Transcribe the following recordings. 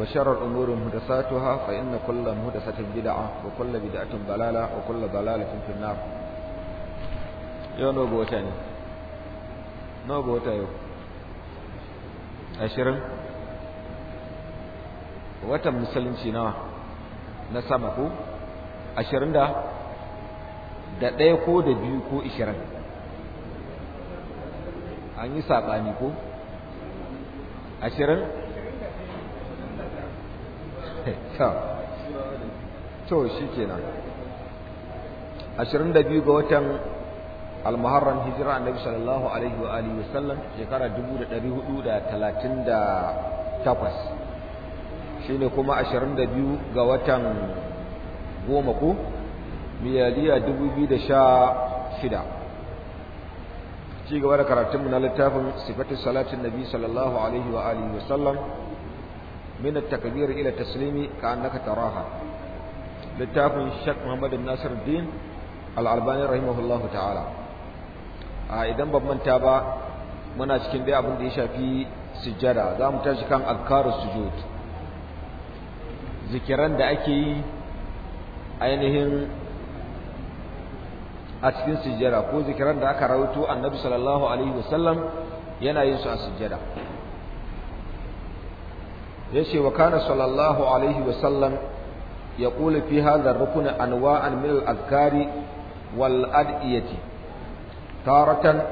وشر الأمور مهدساتها فإن كل مهدسة بدعة وكل بدعة ضلالة وكل ضلالة في النار يو نوبو تاني نوبو تايو أشرم watan musulunci nawa na sama ko ashirin da da ɗaya ko da biyu ko ishirin an yi saɓani ko ashirin to shi kenan ashirin da biyu ga watan almuharram hijira annabi sallallahu alaihi wa alihi wasallam shekara dubu da ɗari hudu da talatin da takwas shine kuma ashirin da biyu ga watan goma ko miyaliya dubu biyu da sha shida ci gaba da karatunmu na littafin sifatin salatin nabi sallallahu alaihi wa alihi wasallam min at-takbir ila taslimi ka annaka taraha littafin Sheikh Muhammadu Nasiru Din al'albani albani rahimahullah ta'ala a idan ban manta ba muna cikin dai abin da ya shafi sujjada zamu tashi kan azkarus sujud zikiran da ake yi ainihin a cikin sujada ko zikiran da aka rawaito annabi sallallahu alaihi wasallam yana yin su a sujada. Ya ce wa kana sallallahu alaihi wa sallam yaqulu fi hadha ar-rukn anwa'an min al-azkari wal ad'iyati taratan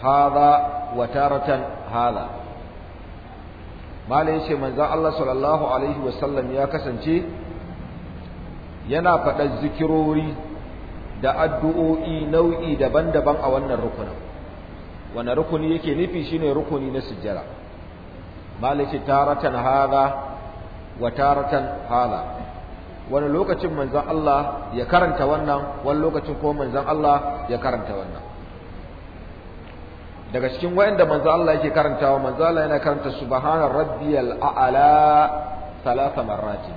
hadha wa taratan hadha malai yace manzo Allah sallallahu alaihi wa sallam ya kasance yana faɗa zikirori da addu'o'i nau'i daban-daban a wannan rukunin wannan rukuni yake nufi shine rukuni na sujjada malici taratan hada wa taratan hada wani lokacin manzon Allah ya karanta wannan wani lokacin ko manzon Allah ya karanta wannan daga cikin wayanda manzon Allah yake karantawa manzon Allah yana karanta subhana rabbiyal a'la salasa marratin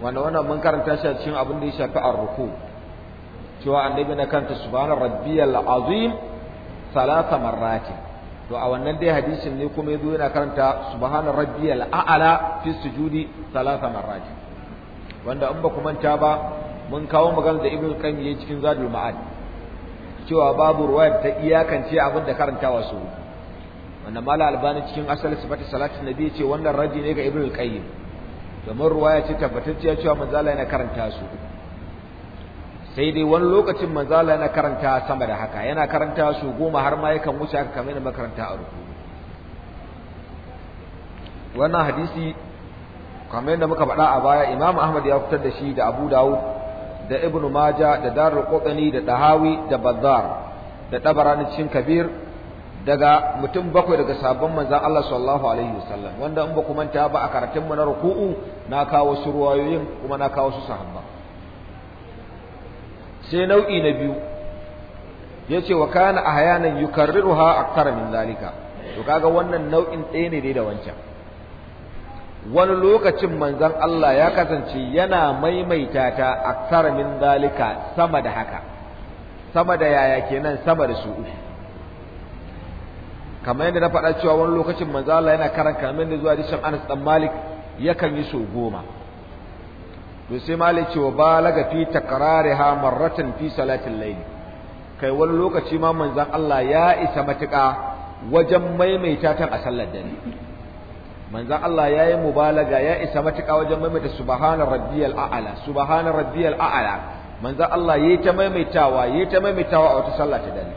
wanda wannan mun karanta shi a cikin abin da ya shafi ar-ruku cewa annabi na karanta subhana rabbiyal azim salasa marratin to a wannan dai hadisin ne kuma yazo yana karanta subhana rabbiyal a'la fi sujudi salasa marrat wanda in ba ku manta ba mun kawo magana da ibnu qayyim yayin cikin zadul ma'ad cewa babu ruwa ta iyakance abin da karantawa su wannan mala albani cikin asal sifatu salati nabi ce wannan raji ne ga ibnu qayyim domin ruwaya ce tabbatacciya cewa manzala yana karanta su sai dai wani lokacin manzala yana karanta sama da haka yana karanta su goma har ma yakan wuce haka kamar yana makaranta a ruku wannan hadisi kamar yadda muka faɗa a baya Imam Ahmad ya fitar da shi da Abu Dawud da Ibn Majah da Darul Qutni da Tahawi da Bazzar da Tabarani cikin Kabir daga mutum bakwai daga sabon manzan Allah sallallahu alaihi wasallam wanda in ba ku manta ba a karatun mu na ruku'u na kawo su ruwayoyin kuma na kawo su sahabba sai nau'i na biyu ya ce wa kana ahyanan yukarriruha a karamin zalika to kaga wannan nau'in ɗaya ne dai da wancan wani lokacin manzan Allah ya kasance yana maimaita ta a karamin zalika sama da haka sama da yaya kenan sama da su uku kamar yadda na faɗa cewa wani lokacin manzan Allah yana karan kamar da zuwa dishan Anas ɗan Malik yakan yi sau goma to sai malik wa balaga fi takrariha marratan fi salatin layli kai wani lokaci ma manzon Allah ya isa matuƙa wajen maimaita ta a sallar dare manzon Allah ya yi mubalaga ya isa matuƙa wajen maimaita subhana rabbiyal a'la subhana rabbiyal a'la manzon Allah yayi ta maimaitawa yayi ta maimaitawa a wata sallar ta dare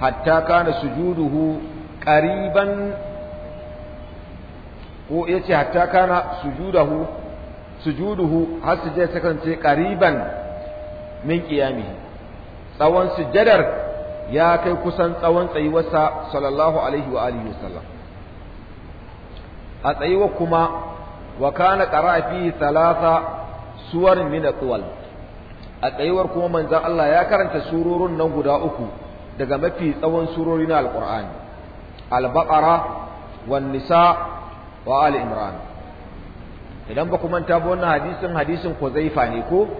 hatta kana sujuduhu qariban ko yace hatta kana sujuduhu sujuduhu har sujjada ta kasance ƙariban min ƙiyami. tsawon sujadar ya kai kusan tsawon tsayuwarsa sallallahu alaihi wa alihi wasallam a tsayuwa kuma wa kana qara'a fi thalatha suwar min atwal a tsayuwar kuma manzon Allah ya karanta sururun nan guda uku daga mafi tsawon surori na alqur'ani al-baqara wan nisa wa ali imran idan ba ku manta ba wannan hadisin hadisin Huzaifa ne ko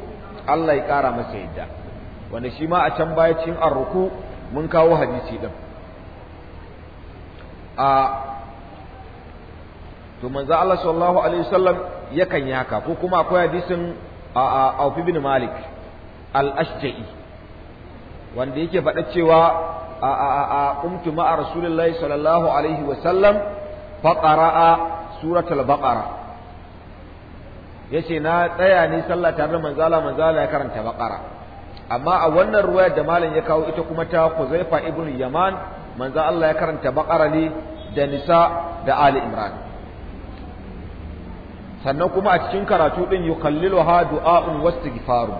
Allah ya kara masa yadda wanda shi ma a can baya cikin arruku mun kawo hadisi din a to manzo Allah sallallahu alaihi wasallam yakan yi haka ko kuma akwai hadisin a Auf ibn Malik al-Ashja'i wanda yake faɗa cewa a a a umtu ma'a Rasulullahi sallallahu alaihi wasallam fa qara'a suratul baqara yace na tsaya ni sallah tare da manzala manzala ya karanta baqara amma a wannan ruwayar da malam ya kawo ita kuma ta Kuzaifa ibn Yaman manzo Allah ya karanta baqara ne da nisa da ali imran sannan kuma a cikin karatu din yukalliluha du'a'un wastighfaru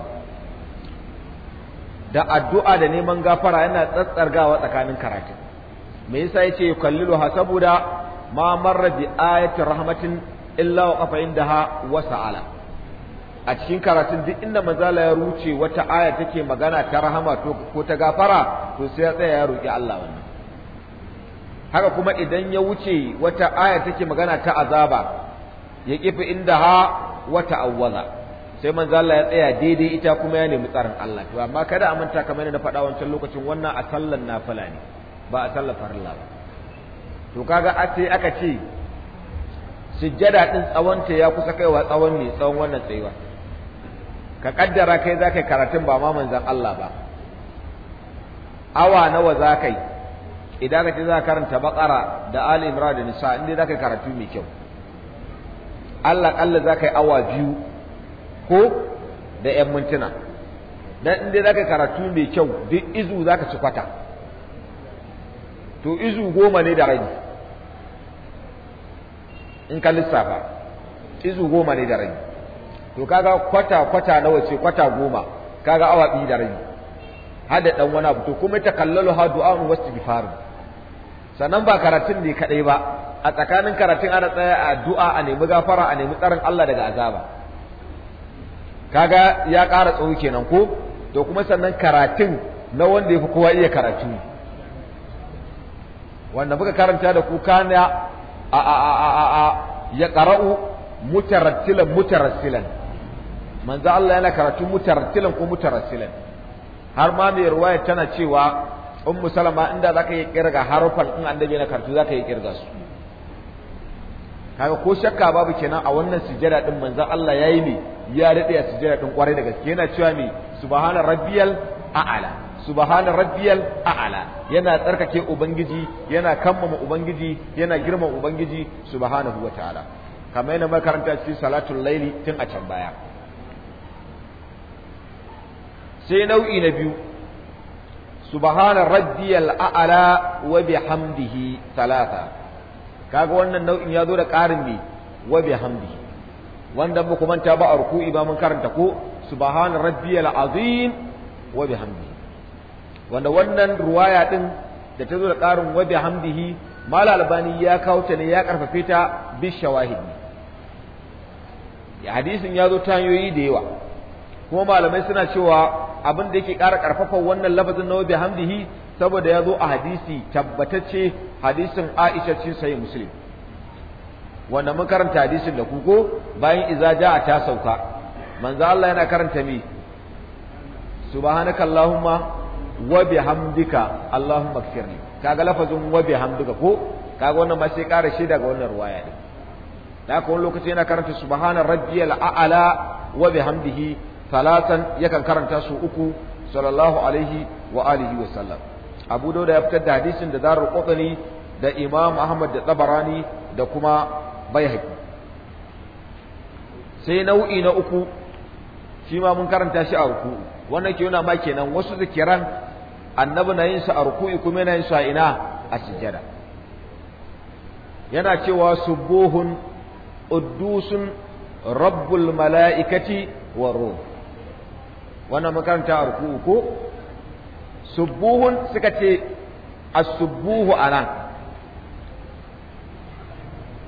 da addu'a da neman gafara yana tsatsargawa tsakanin karatu me yasa yace yukalliluha saboda ma marra bi ayati rahmatin illa wa qafa indaha wa sa'ala a cikin karatun duk inda manzala ya ruce wata aya take magana ta rahama to ko ta gafara to sai ya tsaya ya roki Allah wannan haka kuma idan ya wuce wata aya take magana ta azaba ya kifi indaha wa ta'awwaza sai manzo ya tsaya daidai ita kuma ya nemi tsarin Allah to amma kada a manta kamar yadda na faɗa wancan lokacin wannan a sallan nafila ne ba a sallar farilla ba to kaga a sai aka ce sujjada din tsawonta ya kusa kaiwa tsawon ne, tsawon wannan tsayuwa ka kaddara kai za ka karatun ba ma manzan Allah ba awa nawa za ka yi idan ka ce za ka karanta baƙara da ali imra da nisa inda za ka karatu mai kyau Allah kalla za ka yi awa biyu ko da ‘yan mintuna dan inda za ka karatu mai kyau duk izu za ka ci kwata to izu goma ne da rabi in ka lissafa izu goma ne da rai. to kaga kwata kwata nawa ce kwata goma kaga awa biyu da rai? Hada da dan wani abu to kuma ta kallalu ha du'a'un wastighfar sannan ba karatun ne kadai ba a tsakanin karatun ana tsaya a du'a a nemi gafara a nemi tsarin Allah daga azaba kaga ya ƙara tsawo kenan ko to kuma sannan karatun na wanda yafi kowa iya karatu wanda muka karanta da ku na. a a a a a ya qara'u mutarattilan mutarassilan manzo Allah yana karatu mutarattilan ko mutarassilan har ma mai ruwaya tana cewa ummu salama inda zaka yi kirga harufan in annabi yana karatu zaka yi kirga su kaga ko shakka babu kenan a wannan sujada din manzo Allah yayi ne ya dade a sujada din kwarai da gaske yana cewa me subhana rabbiyal a'ala subhana rabbiyal a'la yana tsarkake ubangiji yana kammama ubangiji yana girma ubangiji subhanahu wataala kamar yana makaranta cikin salatul laili tun a can baya sai nau'i na biyu subhana rabbiyal a'la wa bihamdihi talata kaga wannan nau'in ya zo da ƙarin ne wa bihamdihi wanda muku manta ba a ruku'i ba mun karanta ko subhana rabbiyal azim wa bihamdihi wanda wannan ruwaya din da ta zo da ƙarin wabi hamdihi mala albani ya kawo ta ne ya karfafe ta bi shawahidi hadisin ya zo ta hanyoyi da yawa kuma malamai suna cewa abin da yake ƙara karfafa wannan lafazin na wabi hamdihi saboda ya zo a hadisi tabbatacce hadisin aisha cin sahih muslim wanda mun karanta hadisin da kuko bayan iza ja ta sauka manzo Allah yana karanta mi subhanakallahumma wa Hamdika, Allahumma kfirni kaga lafazin wa Hamdika ko kaga wannan ma sai ƙara shi daga wannan ruwaya ne da haka wani lokaci yana karanta subhana rabbiyal a'la wa bihamdihi talatan yakan karanta su uku sallallahu alaihi wa alihi wa sallam Abu Dawud ya fitar da hadisin da zarar Qutni da Imam Ahmad da Tabarani da kuma bayhaqi sai nau'i na uku shi ma mun karanta shi a uku wannan ke yana ma kenan wasu zikiran annabi na yin sa a ruku'i kuma yana yin sa ina a yana cewa subuhun uddusun rabbul mala'ikati wa ruh wannan makaranta a ruku'u ko subuhun suka ce as-subuhu anan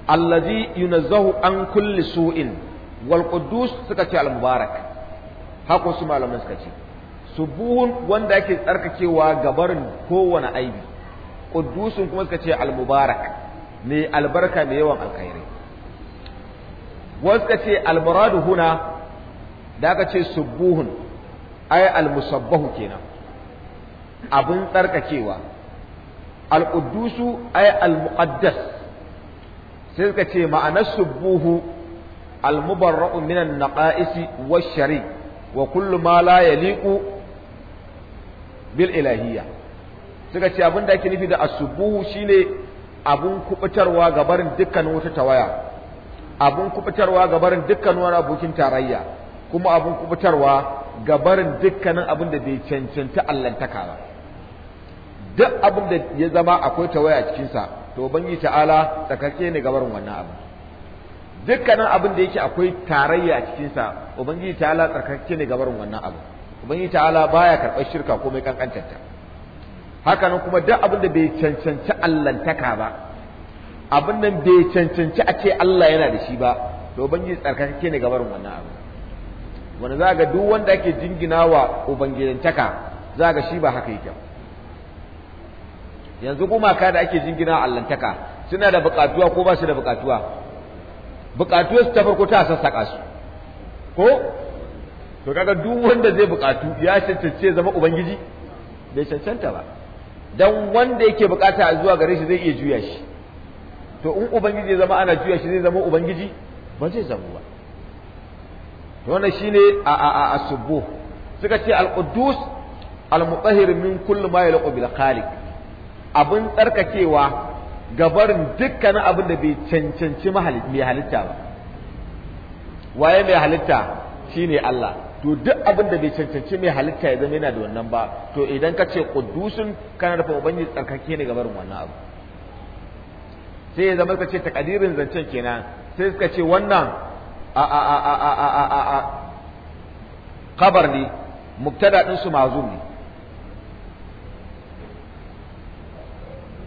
allazi yunazzahu an kulli su'in wal quddus suka ce al mubarak haka su malaman suka ce subuhun wanda ake tsarkakewa barin kowane aibi quddusun kuma suka ce al-mubarak ne albarka mai yawan alkhairi. wasu suka ce al-muradu huna da aka ce subuhun ay al-musabbahu kenan abin tsarkakewa al-quddusu ay al-muqaddas sai suka ce ma'anar subuhu al-mubarra'u minan naqa'isi wash-shari wa kullu ma la yaliqu bil ilahiyya suka ce abin da ake nufi da asubuhu shine abun kubutarwa ga barin dukkan wata tawaya abun kubutarwa ga barin dukkan wani abokin tarayya kuma abun kubutarwa ga barin dukkanin abin da bai cancanta allantaka ba duk abin da ya zama akwai tawaya cikinsa to bangi ta'ala tsakake ne ga barin wannan abu. dukkanin abin da yake akwai tarayya a cikinsa ubangiji ta ala tsarkake ne gabarin wannan abu ubangiji ta'ala baya karɓar shirka komai mai haka nan kuma duk abin da bai cancanci allantaka ba abin nan bai cancanci a ce Allah yana da shi ba to ubangiji tsarkakakke ne gabarin wannan abu wanda za ga duk wanda ake jingina wa ubangidantaka za ga shi ba haka yake yanzu gumaka da ake jingina allantaka suna da bukatuwa ko ba su da bukatuwa bukatuwa su ta farko ta sassaƙa su ko to kaga duk wanda zai bukatu ya cancance zama ubangiji bai cancanta ba dan wanda yake bukata a zuwa gare shi zai iya juya shi to in ubangiji ya zama ana juya shi zai zama ubangiji ba zai zama ba to wannan shine a a a asubbu suka ce al-quddus al-mutahhir min kulli ma yalqu bil khaliq abin tsarkakewa gabarin dukkan abin da bai cancanci mai halitta ba waye mai halitta shine Allah to duk abin da bai cancanci mai halitta ya zama yana da wannan ba to idan ka ce kudusun kana da ubangiji tsarkake ne ga barin wannan abu sai ya zama ka ce takadirin zancen kenan sai suka ce wannan a kabar ne mubtada din su mazu ne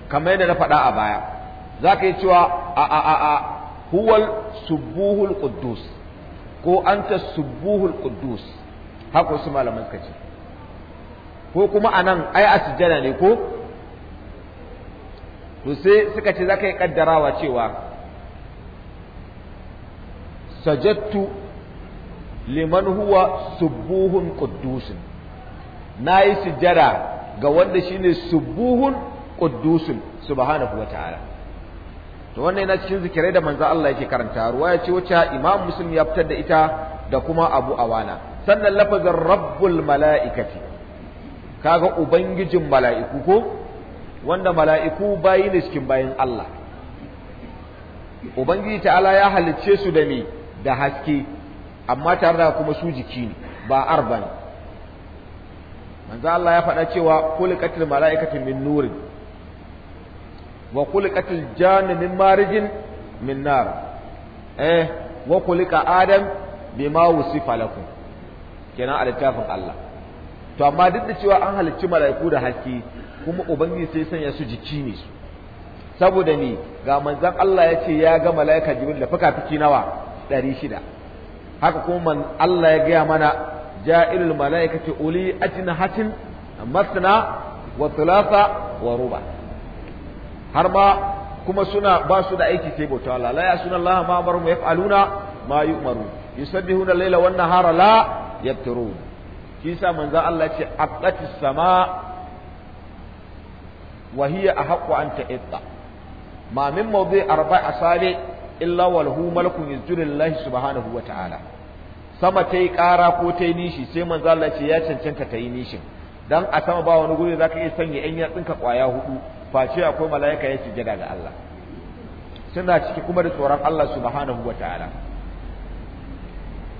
kamar yadda na faɗa a baya za ka yi cewa a a a a huwal subuhul quddus ko an ta subuhul kudus haka wasu malaman suka ce ko kuma a nan ai a sujjada ne ko to sai suka ce zaka yi kaddarawa cewa sajattu liman huwa subuhun na yi sujjada ga wanda shine subuhun quddusun subhanahu wataala to wannan yana cikin zikirai da manzo Allah yake karanta ya ce wata Imam Muslim ya fitar da ita da kuma Abu Awana sannan lafazin Rabbul Mala'ikati kaga ubangijin mala'iku ko wanda mala'iku bayi ne cikin bayin Allah ubangiji ta'ala ya halicce su da me da haske amma tare da kuma su jiki ne ba arba ne manzo Allah ya faɗa cewa kulikatul mala'ikati min nurin wa khuliqatil jannu min marijin min nar eh wa kulika adam bima wusifa lakum kenan a littafin Allah to amma duk da cewa an halicci mala'iku da haske kuma ubangiji sai sanya su jiki ne su saboda ni ga manzon Allah ya ce ya ga mala'ika jibril da fuka fiki nawa 600 haka kuma man Allah ya gaya mana ja'ilul mala'ikati uli ajnahatin masna wa thalatha wa ruba' har ma kuma suna ba su da aiki sai bauta Allah la yasuna Allah ma amara mu yaf'aluna ma yu'maru yusabbihuna al-laila wan nahara la yaftirun kisa manzo Allah ce aqatis sama wa hiya ahqqu an ta'ta ma min mawdi arba'a asabi illa wal hu malakun yasjudu subhanahu wa ta'ala sama ta yi ƙara ko ta yi nishi sai manzo Allah ce ya cancanta ta yi nishin dan a sama ba wani guri zaka iya sanya yan yatsinka kwaya hudu face akwai mala'ika ya sujada ga Allah suna ciki kuma da tsoron Allah subhanahu wataala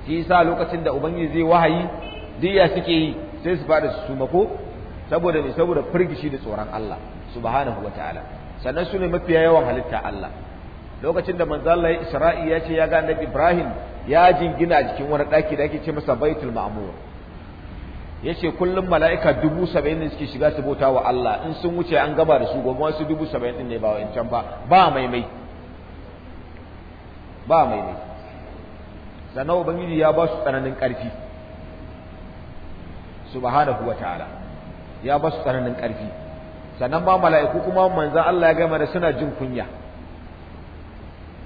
shi yasa lokacin da ubangi zai wahayi diya suke yi sai su fada su suma ko saboda ne saboda firgishi da tsoron Allah subhanahu wataala sannan su ne mafiya yawan halitta Allah lokacin da manzo Allah ya Isra'i ya ce ya ga Annabi Ibrahim ya jingina a jikin wani daki da ake ce masa Baitul Ma'mur yace kullum mala'ika dubu saba'in ne suke shiga su bauta wa Allah in sun wuce an gaba da su gobe wasu dubu saba'in din ne ba wa'incan ba ba maimai ba maimai sannan ubangiji ya ba su tsananin ƙarfi subhanahu wa ta'ala ya ba su tsananin ƙarfi sannan ba mala'iku kuma manzan Allah ya gama da suna jin kunya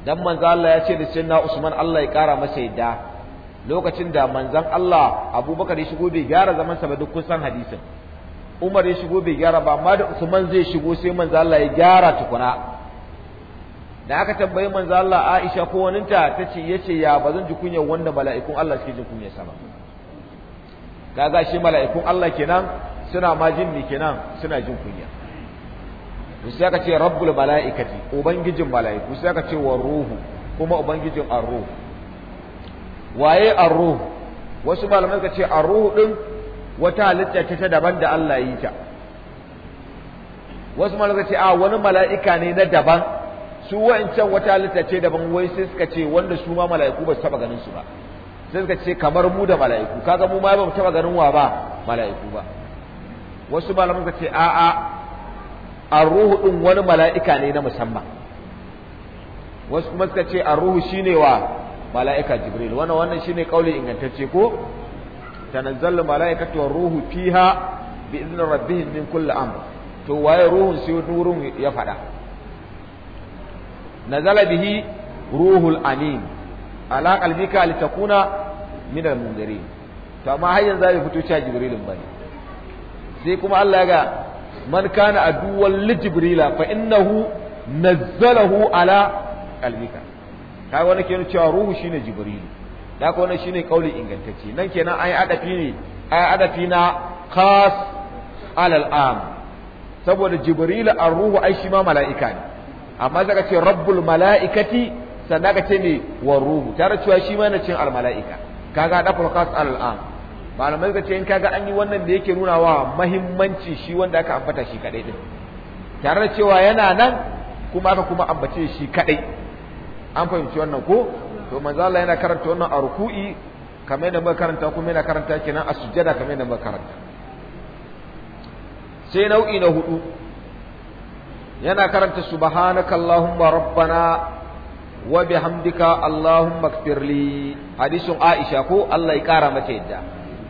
dan manzan Allah ya ce da na Usman Allah ya ƙara masa yadda lokacin da manzan Allah Abubakar ya shigo bai gyara zaman sa ba duk kun san hadisin Umar ya shigo bai gyara ba amma da Usman zai shigo sai manzan Allah ya gyara tukuna da aka tambayi manzan Allah Aisha ko waninta tace yace ya bazan ji kunya wanda mala'ikun Allah suke jin kunya sa ba kaga shi mala'ikun Allah kenan suna ma jin ni kenan suna jin kunya sai aka ce rabbul mala'ikati ubangijin mala'iku sai aka ce wa ruhu kuma ubangijin ar-ruh waye arruh wasu malamai suka ce arruh din wata halitta ta daban da Allah yi ta wasu malamai suka ce a wani mala'ika ne na daban su wa'ancan wata halitta ce daban wai sai suka ce wanda su ma mala'iku ba su taba ganin su ba sai suka ce kamar mu da mala'iku kaga mu ma ba mu taba ganin wa ba mala'iku ba wasu malamai suka ce a'a ruhu din wani mala'ika ne na musamman wasu kuma suka ce ruhu shine wa mala'ika jibril wannan wannan shine kauli ingantacce ko tanazzalu mala'ikatu ruhu fiha bi idni rabbihim min kulli amr to waye ruhun sai nurun ya fada nazala bihi ruhul amin ala qalbika litakuna min al-munzirin to amma har yanzu bai fito cewa jibrilin bane sai kuma Allah ya ga man kana aduwwan li jibrila fa innahu nazzalahu ala qalbika kaga wani kenan cewa ruhu shine jibrilu da ka wani shine kauli ingantacce nan kenan ai adafi ne ai adafi na khas alal am saboda jibrilu ar-ruhu ai shi ma mala'ika ne amma zaka ce rabbul mala'ikati sannan ka ce ne wa ruhu tare cewa shi ma cin al mala'ika kaga dafar khas alal am malamai suka ce in kaga an yi wannan da yake nuna wa mahimmanci shi wanda aka ambata shi kadai din tare da cewa yana nan kuma aka kuma ambace shi kadai an fahimci wannan ko to manzo Allah yana karanta wannan a ruku'i kamar yadda muka karanta kuma yana karanta kenan a sujjada kamar yadda muka karanta sai nau'i na hudu yana karanta subhanaka allahumma rabbana wa bihamdika allahumma ighfirli hadisin aisha ko Allah ya kara mata yadda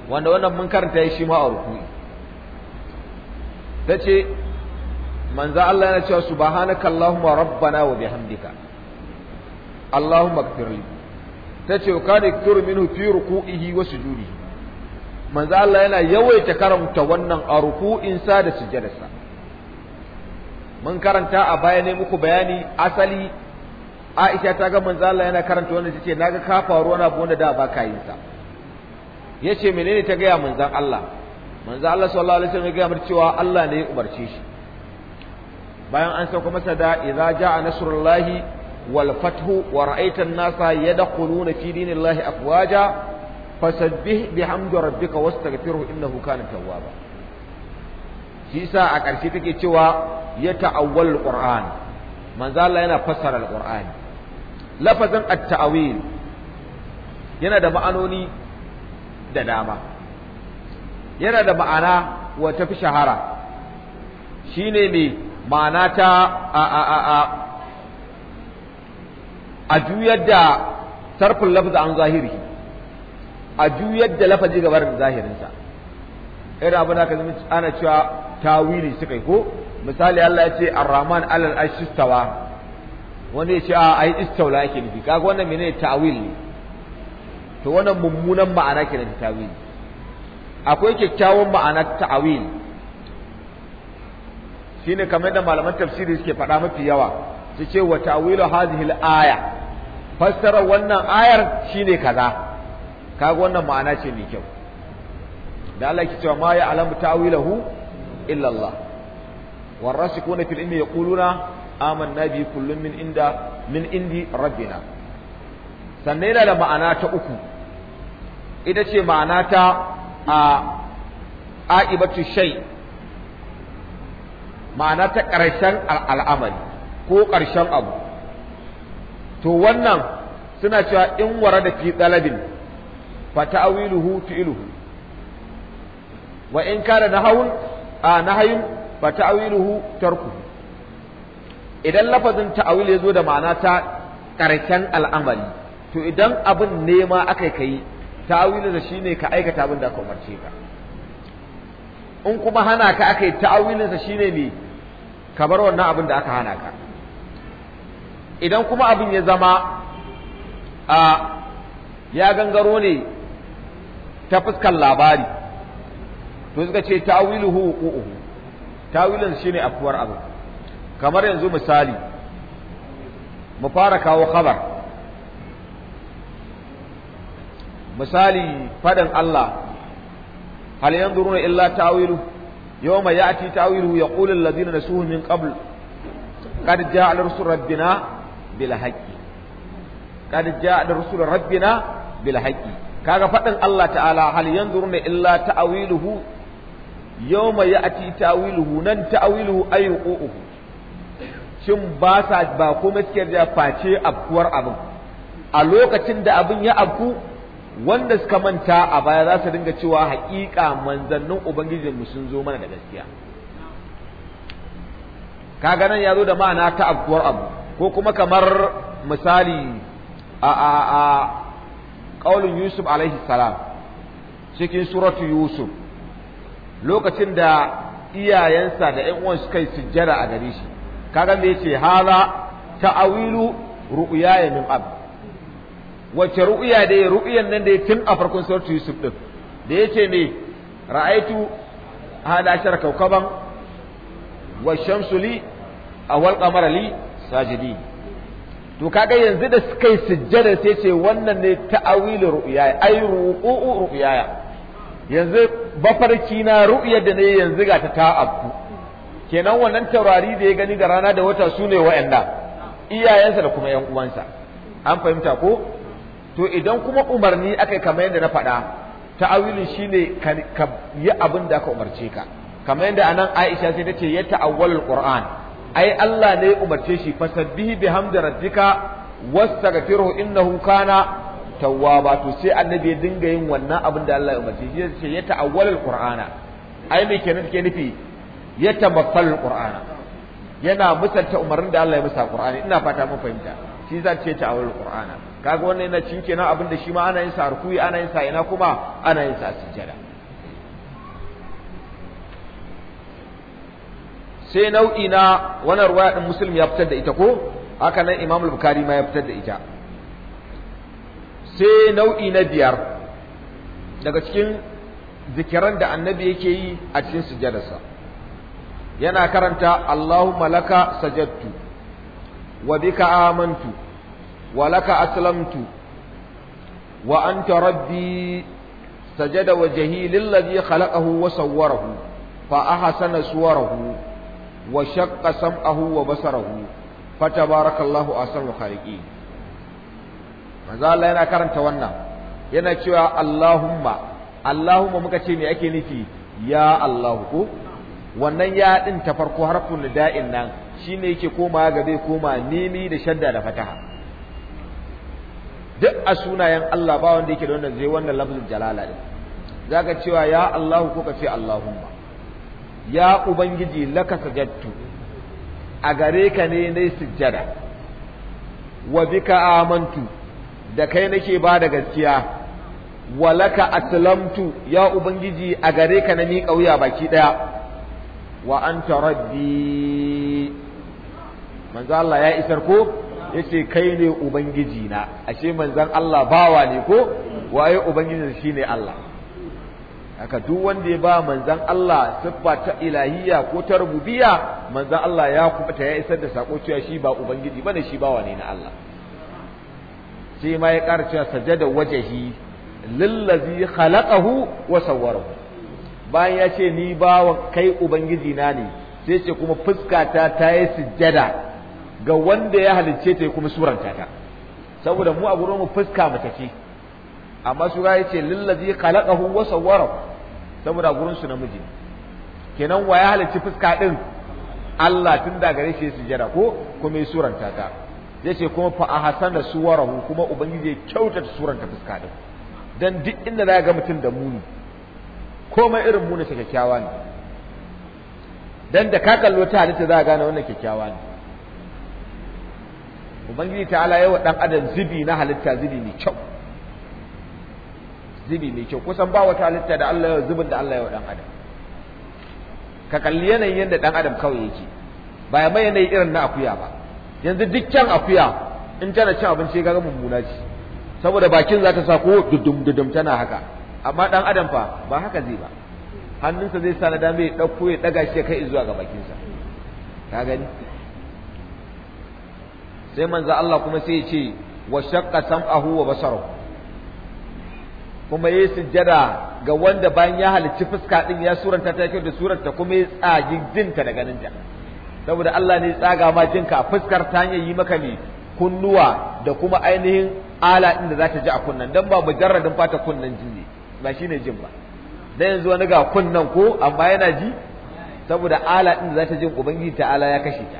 wanda wannan mun karanta shi ma a ruku'i tace manzo Allah yana cewa subhanaka allahumma rabbana wa bihamdika Allahumma kfirli tace ce wa kana yaktur minhu fi ruku'ihi wa sujudihi manzo Allah yana yawaita karanta wannan a ruku'in sa da sujudarsa mun karanta a baya ne muku bayani asali Aisha ta ga manzo Allah yana karanta wannan tace naga ka faru wani abu wanda da ba ka yin sa yace menene ta gaya manzo Allah manzo Allah sallallahu alaihi wasallam ya gaya mata cewa Allah ne ya umarce shi bayan an sauka masa da idza jaa nasrullahi wal fathu wa ra'aita an-nasa yadkhuluna fi dinillahi afwaja fasabbih bihamdi rabbika wastaghfirhu innahu kana tawwaba shi yasa a ƙarshe take cewa ya ta'awwal qur'an manzo yana fassara al-qur'an lafazin at-ta'wil yana da ma'anoni da dama yana da ma'ana wa tafi shahara shine mai ma'anata ta a juyar da sarfin lafza an zahiri a juyar da lafazi gabar da zahirinsa irin abin da ka zama ana cewa tawili suka yi ko misali Allah ya ce ar-rahman alal ashistawa wani ya ce a ai istaula yake nufi kaga wannan menene tawil ne to wannan mummunan ma'ana ke da tawil akwai kyakkyawan ma'ana ta'awil shine kamar da malaman tafsiri suke faɗa mafi yawa su ce wa ta'wilu hadhihi al-aya fassarar wannan ayar shine kaza kaga wannan ma'ana ce mai kyau da Allah yake cewa ma ya alamu ta'wilahu illa Allah warasikuna fil ilmi yaquluna amanna bi kullun min inda min indi rabbina sannan yana da ma'ana ta uku ita ce ma'ana ta a aibatu shay ma'ana ta ƙarshen al'amari ko ƙarshen abu to wannan suna cewa in da fi talabin fa ta'wiluhu fi'luhu wa in kana nahawun a nahayun fa ta'wiluhu tarku. idan lafazin ta'wil ya zo da ma'ana ta karshen al'amari to idan abin nema aka kai ta'wil da shine ka aikata abin da aka umarce ka in kuma hana ka aka yi ta'awilin sa shine ne ka bar wannan abin da aka hana ka idan kuma abin ya zama a ya gangaro ne ta fuskar labari to suka ce ta'wiluhu uquhu shi shine afuwar abu kamar yanzu misali mu fara kawo khabar misali fadan Allah hal yanzuruna illa ta'wilu yawma ya'ti ta'wilu yaqulu alladhina nasuhu min qabl قد جاء رسول rabbina bil haqqi qad ja'a rusul rabbina bil haqqi kaga fadin Allah ta'ala hal yanzuruna illa ta'wiluhu yawma ya'ti ta'wiluhu nan ta'wiluhu ay shin ba sa ba kuma suke da face afkuwar abin a lokacin da abin ya afku wanda suka manta a baya za su dinga cewa haƙiƙa manzannin ubangijin mu sun zo mana da gaskiya kaga nan ya zo da ma'ana ta afkuwar abu ko kuma kamar misali a a ƙaunin yusuf alaihi salam cikin suratu yusuf lokacin da iyayensa da ƴan uwan suka yi sujjada a gare shi kaga me yace hala ta'awilu ru'yaya min ab Wacce ru'ya da ya ru'yan nan da ya tun a farkon suratu yusuf din da yace ne ra'aitu hada shar kaukaban wa shamsu li awal qamara sajidi to kaga yanzu da suka yi sujjada sai ce wannan ne ta'awilu ru'yaya ai ruqu'u ru'yaya yanzu bafarki na ru'yar da ne yanzu ga ta ta'abbu kenan wannan taurari da ya gani da rana da wata sune wa'anda iyayensa da kuma yan uwansa an fahimta ko to idan kuma umarni aka yi kamar yadda na faɗa ta'awilin shine ka yi abin da aka umarce ka kamar yadda anan Aisha sai ta ce ya ta'awwalul Qur'an ai Allah ne ya umarce shi fasabbihi bihamdi rabbika wastaghfirhu innahu kana tawwaba to sai annabi ya dinga yin wannan abin da Allah ya umarce shi sai ya ta'awwala alqur'ana ai me kenan take nufi ya tamassal alqur'ana yana musanta umarnin da Allah ya musa alqur'ani ina fata mun fahimta shi za ta ce ta'awwala alqur'ana kaga wannan yana cin kenan abin da shi ma ana yin sa rukuyi ana yin sa ina kuma ana yin sa sujjada sai nau'i na wannan ruwaya din muslim ya fitar da ita ko haka nan imam al-bukhari ma ya fitar da ita sai nau'i na biyar daga cikin zikiran da annabi yake yi a cikin sujadarsa yana karanta Allahumma laka sajadtu wa bika amantu wa laka aslamtu wa anta rabbi sajada wajhi lilladhi khalaqahu wa sawwarahu fa ahsana suwarahu wa shaqqa sam'ahu wa basarahu tabarakallahu asrul khaliqi maza Allah yana karanta wannan yana cewa Allahumma Allahumma muka ce me ake nufi ya Allah ko wannan ya din ta farko harfun da'in nan shine yake koma ga zai koma nimi da shadda da fataha duk a sunayen Allah ba wanda yake da wannan zai wannan lafzul jalala din zaka cewa ya Allahu ko ka ce Allahumma ya ubangiji laka sajattu a gare ka ne na sujjada wa bika amantu da kai nake ba da gaskiya wa laka aslamtu ya ubangiji a gare ka na miƙa wuya baki ɗaya wa anta rabbi manzo Allah ya isar ko yace kai ne ubangiji na ashe manzon Allah bawa ne ko waye ubangiji shine Allah haka duk wanda ya ba manzan Allah siffa ta ilahiyya ko ta rububiyya manzan Allah ya kubuta ya isar da sako cewa shi ba ubangiji bane shi bawa ne na Allah sai ma ya ƙara cewa sajada wajahi lillazi khalaqahu wa sawwarahu bayan ya ce ni bawa kai ubangiji na ne sai ce kuma fuskata ta yi sujjada ga wanda ya halicce ta kuma suranta ta saboda mu a gurin mu fuska mu take amma su ya ce lillazi khalaqahu wa sawwarahu saboda gurin su namiji kenan wa ya halicci fuska din Allah tun da gare shi jira ko kuma ya suranta ta ce kuma fa ahsan da suwarahu kuma ubangiji ya kyautata ta fuska din dan duk inda za ga mutum da muni komai irin muni sa kyakkyawa ne dan da ka kallo ta halitta za ka gane wannan kyakkyawa ne ubangiji ta'ala yawa dan adam zubi na halitta zubi ne kyau zubi mai kyau kusan ba wata halitta da Allah ya zubin da Allah ya dan adam ka kalli yanayin yadda dan adam kawai yake ba ya mai yanayi irin na akuya ba yanzu dukkan akuya in tana cin abinci ga mummuna ce saboda bakin za ta sa ko dudum dudum tana haka amma dan adam fa ba haka zai ba hannunsa zai sa na dame ya dauko ya daga shi ya kai zuwa ga bakinsa ka gani sai manzo Allah kuma sai ya ce wa shaqqa sam'ahu wa basarahu kuma yi sujjada ga wanda bayan ya halicci fuska din ya suranta ta kyau da suranta kuma ya tsagi jinka da ganinta saboda Allah ne tsaga ma jinka a fuskar ta hanyar yi maka ne kunnuwa da kuma ainihin ala din da za ta ji a kunnan dan ba mujarradin fata kunnan ji ne ba shine jin ba dan yanzu wani ga kunnan ko amma yana ji saboda ala din za ta jin ubangiji ta ala ya kashe ta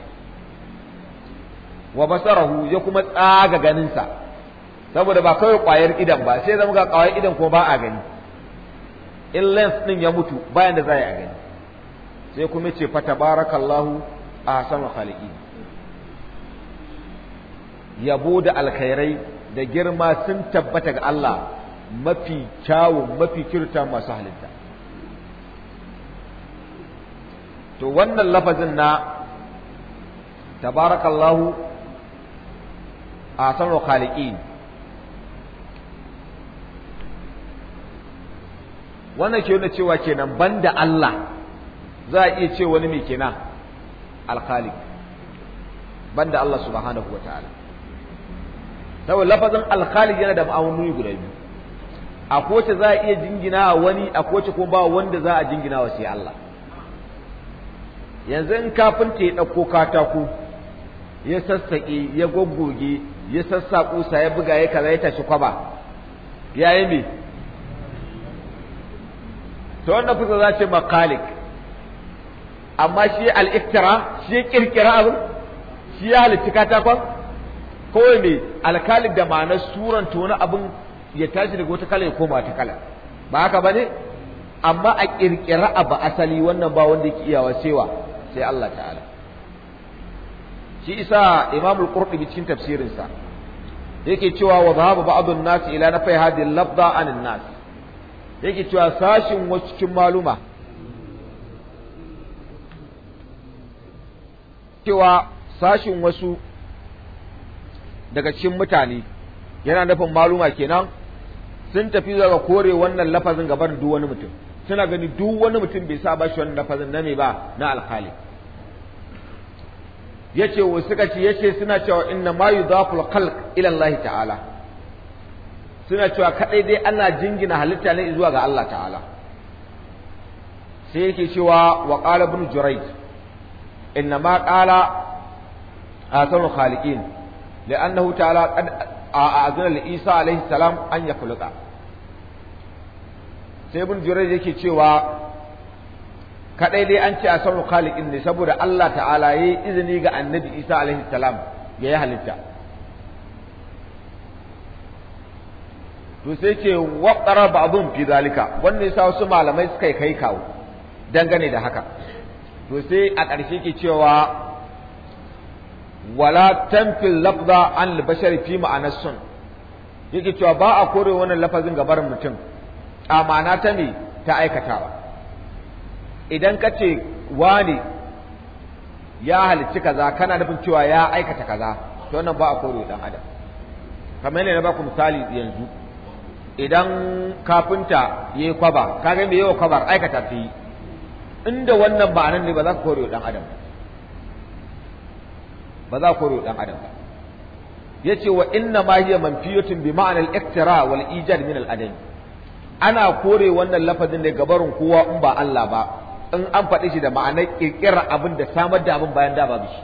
wa basarahu ya kuma tsaga ganinsa saboda ba kawai kwayar idan ba sai zama ga kwayar idan kuma ba a gani in lens din ya mutu bayan da za a gani sai kuma ce fa a sama khaliqin yabo da alkhairai da girma sun tabbata ga Allah mafi kyawun mafi kirta masu halitta to wannan lafazin na tabarakallahu ahsanul khaliqin wannan ke nuna cewa kenan banda Allah za a iya ce wani mai kenan Ban banda Allah subhanahu wataala saboda lafazin alkhalik yana da ma'aunoni guda biyu a kowace za a iya jingina wani a kowace kuma ba wanda za a jingina wa sai Allah yanzu in kafinta ya ɗauko katako ya sassaƙe ya goggoge ya sassaƙusa, ya buga ya kaza ya tashi kwaba ya yi mai. to wannan kusa za ce makalik amma shi al'iftira shi ya kirkira abin shi ya halitta katakon kawai mai alkalik da ma'ana suran wani abin ya tashi daga wata kala ya koma ta kala ba haka ba ne amma a kirkira abu asali wannan ba wanda yake iyawa cewa sai Allah ta'ala shi isa imamul qurtubi cikin tafsirinsa yake cewa wa dhahaba ba'dun nas ila nafai hadhihi lafza anin nas yake cewa sashin wasu cikin maluma cewa sashin wasu daga cikin mutane yana nufin maluma kenan sun tafi daga kore wannan lafazin gaban duk wani mutum suna gani duk wani mutum bai sa bashi wannan lafazin na me ba na alkali yace wa suka ce suna cewa inna ma yudaful khalq ila Allah ta'ala suna cewa kadai dai ana jingina halitta ne zuwa ga Allah ta'ala sai yake cewa wa qala ibn jurayd inna ma qala asanu khaliqin li'annahu ta'ala qad a'azana li Isa alaihi salam an yakhluqa sai ibn jurayd yake cewa kadai dai an ce asanu khaliqin ne saboda Allah ta'ala yayi izini ga annabi Isa alaihi salam yayi halitta to sai ce ba abun fi zalika wannan yasa wasu malamai suka yi kai kawo dangane da haka to sai a ƙarshe ke cewa wala tanfil lafza an al fi ma'anar sun yake cewa ba a kore wannan lafazin ga barin mutum amana ta me ta aikatawa idan ka ce wani ya halicci kaza kana nufin cewa ya aikata kaza to wannan ba a kore dan adam kamar yadda na baku misali yanzu idan kafinta ya yi kwaba kaga mai yawa kwabar aikata ta yi inda wannan ma'anan ne ba za ka kore dan adam ba za ka kore dan adam ba ce wa inna ma hiya manfiyatun bi ma'anar iktira wal ijad min al ana kore wannan lafazin ne gabarin kowa in ba Allah ba in an faɗi shi da ma'anar ƙirƙirar abin da samar da abin bayan da babu shi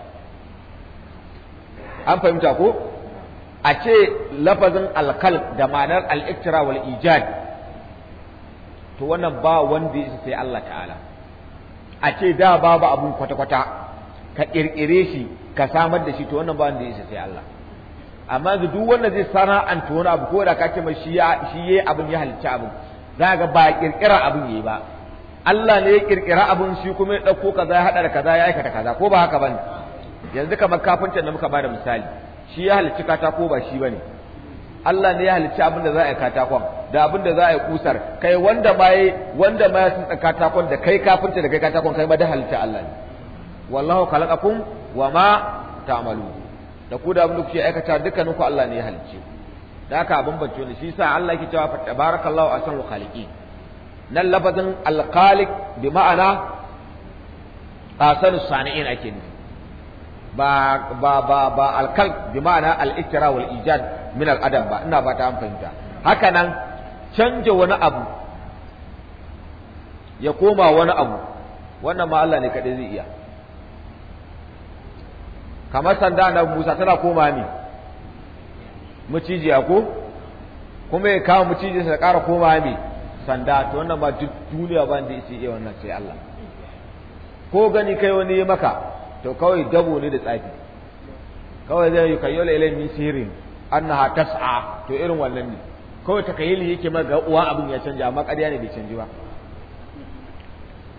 an fahimta ko a ce lafazin alkal da ma'anar al'iktira wal ijad to wannan ba wanda ya sai Allah ta'ala a ce da babu abun kwata-kwata ka ƙirƙire shi ka samar da shi to wannan ba wanda ya sai Allah amma da duk wanda zai sana'anta wani abu ko da ka ce mai shi yi abin ya halicci abin za ga ba ƙirƙira abin yi ba Allah ne ya ƙirƙira abin shi kuma ya ɗauko kaza ya haɗa da kaza ya aikata kaza ko ba haka bane yanzu kamar kafinta da muka ba da misali shi ya halicci katako ba shi bane Allah ne ya halicci abin da za a yi katakon da abin da za a yi kusar kai wanda ba yi wanda ma ya tsitsa katakon da kai kafinta da kai katakon kai ma da halitta Allah ne wallahu khalaqakum wa ma ta'malu da ku da abin da kuke aikata dukkanin ku Allah ne ya halicce da haka abin bacci ne shi yasa Allah yake cewa tabarakallahu asrul khaliqi nan lafazin al-khaliq bi ma'ana asanus sani'in ake nufi ba ba ba ba alkal bi ma'ana al ikra wal ijad min al-adam ba ina ba ta fahimta haka nan canja wani abu ya koma wani abu wannan ma Allah ne kadai zai iya kamar sanda na Musa tana koma ne macijiya ko kuma ya kama macijin sa ƙara koma ne sanda to wannan ba duk duniya ba da yake iya wannan sai Allah ko gani kai wani maka to kawai dabo ne da tsafi kawai zai yi kayyola ilai min sihirin annaha tas'a to irin wannan ne kawai takayyuli yake ma ga uwa abin ya canja amma ƙarya ne bai canji ba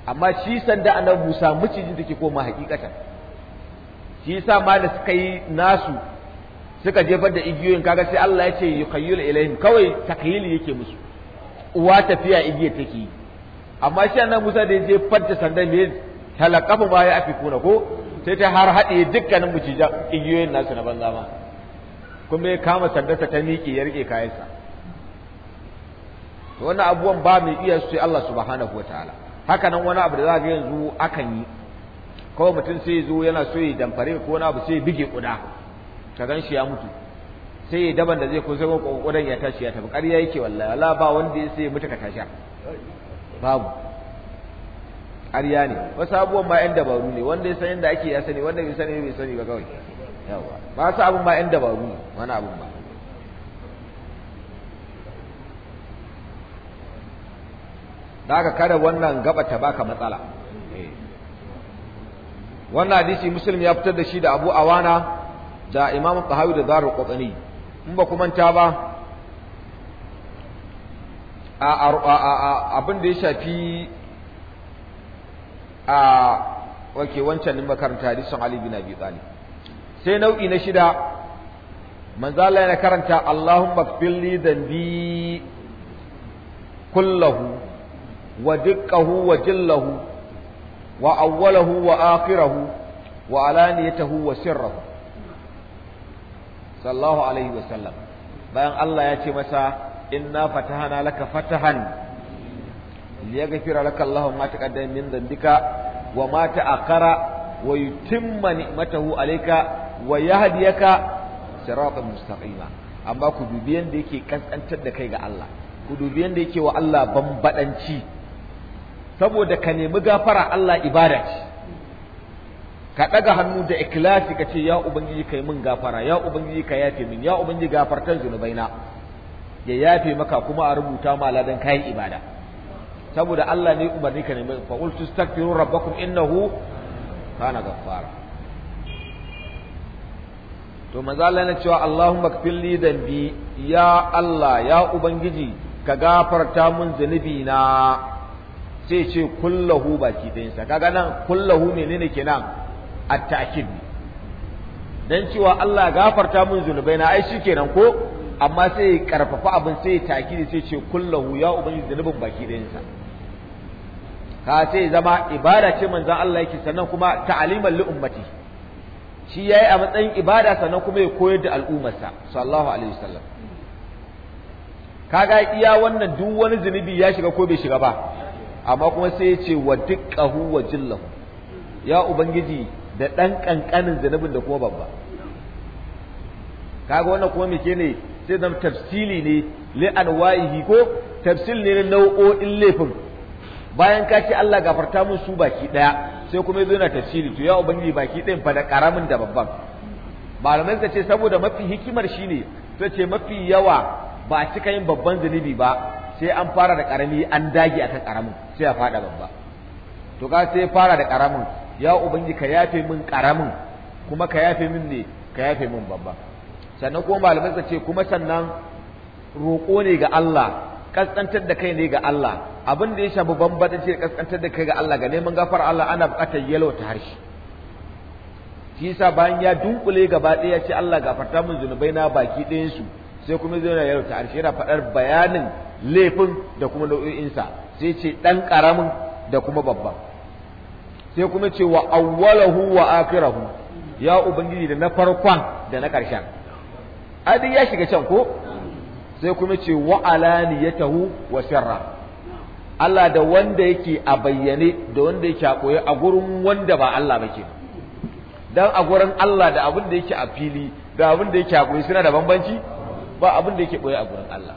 amma shi sanda annabi Musa miciji take koma hakikatan shi yasa ma da suka yi nasu suka jefar da igiyoyin kaga sai Allah ya ce yukhayyul ilaihim kawai takyili yake musu uwa tafiya igiyar take yi amma shi annabi Musa da ya jefar da sandan ne talakafu ba ya kuna ko sai ta har haɗe dukkanin mucijan igiyoyin nasu na banza ma kuma ya kama sandarsa ta miƙe ya riƙe kayansa to wannan abubuwan ba mai iya su sai Allah subhanahu ta'ala. haka nan wani abu da za ga yanzu akan yi kawai mutum sai ya zo yana so ya damfare ko wani abu sai ya bige kuda ka gan shi ya mutu sai ya daban da zai ko sai kudan ya tashi ya tafi ƙarya yake wallahi wallahi ba wanda ya sai ya mutu ka tashi babu ƙarya ne wasu abubuwan ba yan dabaru ne wanda ya san yadda ake ya sani wanda bai sani bai sani ba kawai yawa ba su abun ba yan dabaru ne wani abun ba da haka kada wannan gaba ta baka matsala eh. wannan hadisi muslim ya fitar da shi da abu awana da imamu tahawi da zarar kwatsani in ba kuma ta ba abin da ya shafi a wake wancan din makaranta hadisin Ali bin Abi Talib sai nau'i na shida manzo Allah yana karanta Allahumma fili dhanbi kullahu wa diqqahu wa jillahu wa awwalahu wa akhirahu wa alaniyatahu wa sirrahu sallallahu alaihi wa sallam bayan Allah ya ce masa inna fatahana laka fatahan liyaghfira laka Allahu ma taqaddama min dhanbika wa ma ta'akhara wa yutimma ni'matahu alayka wa yahdiyaka siratan mustaqima amma ku dubi yanda yake kaskantar da kai ga Allah ku dubi yanda yake wa Allah bambadanci saboda ka nemi gafara Allah ibada ce ka daga hannu da ikhlasi ka ce ya ubangiji kai min gafara ya ubangiji ka yafe min ya ubangiji gafartar zunubaina ya yafe maka kuma a rubuta ma ladan kayan ibada saboda Allah ne umarni ka nemi fa qul tastaghfiru rabbakum innahu kana ghaffara to manzo Allah yana cewa Allahumma kfilli dhanbi ya Allah ya ubangiji ka gafarta mun zunubi na sai ce kullahu baki dayin sa kaga nan kullahu menene kenan at-ta'kid dan cewa Allah gafarta mun zunubai na ai shikenan ko amma sai ya karfafa abin sai ya taki da sai ce kullahu ya ubangiji zanubin baki dayansa ka sai zama ibada ce manzon Allah yake sannan kuma ta'aliman li ummati shi yayi a matsayin ibada sannan kuma ya koyar da al'ummarsa sallallahu alaihi wasallam kaga iya wannan duk wani zunubi ya shiga ko bai shiga ba amma kuma sai ya ce wa dukkahu wa jillahu ya ubangiji da dan kankanin zunubin da kuma babba kaga wannan kuma me ne sai zama tafsili ne li anwa'ihi ko tafsil ne na nau'o'in laifin bayan ka ce Allah gafarta mun su baki daya sai kuma yazo yana tafsiri to ya ubangiji baki ɗayan fa da karamin da babban malamai ta ce saboda mafi hikimar shine to ce mafi yawa ba a cika yin babban zunubi ba sai an fara da karami an dage akan karamin sai a fada babba to ka sai fara da karamin ya ubangiji ka yafe min karamin kuma ka yafe min ne ka yafe min babba sannan kuma malamai suka ce kuma sannan roƙo ne ga Allah kaskantar da kai ne ga Allah abin da ya shafi bambanci ce kaskantar da kai ga Allah ga neman gafar Allah ana buƙatar yalo ta harshe shi yasa bayan ya dunkule gaba ɗaya ya ce Allah ga gafarta min zunubai na baki ɗayan su sai kuma zai yalo ta harshe yana faɗar bayanin laifin da kuma nau'o'insa sai ce ɗan ƙaramin da kuma babban sai kuma ce wa awwalahu wa akhirahu ya ubangiji da na farkon da na karshen. adi ya shiga can ko sai kuma ce wa alaniyatahu wa sirra Allah da wanda yake a bayyane da wanda yake a koyi a gurin wanda ba Allah ba ke dan a gurin Allah da abin da yake a fili da abin da yake a koyi suna da bambanci ba abin da yake koyi a gurin Allah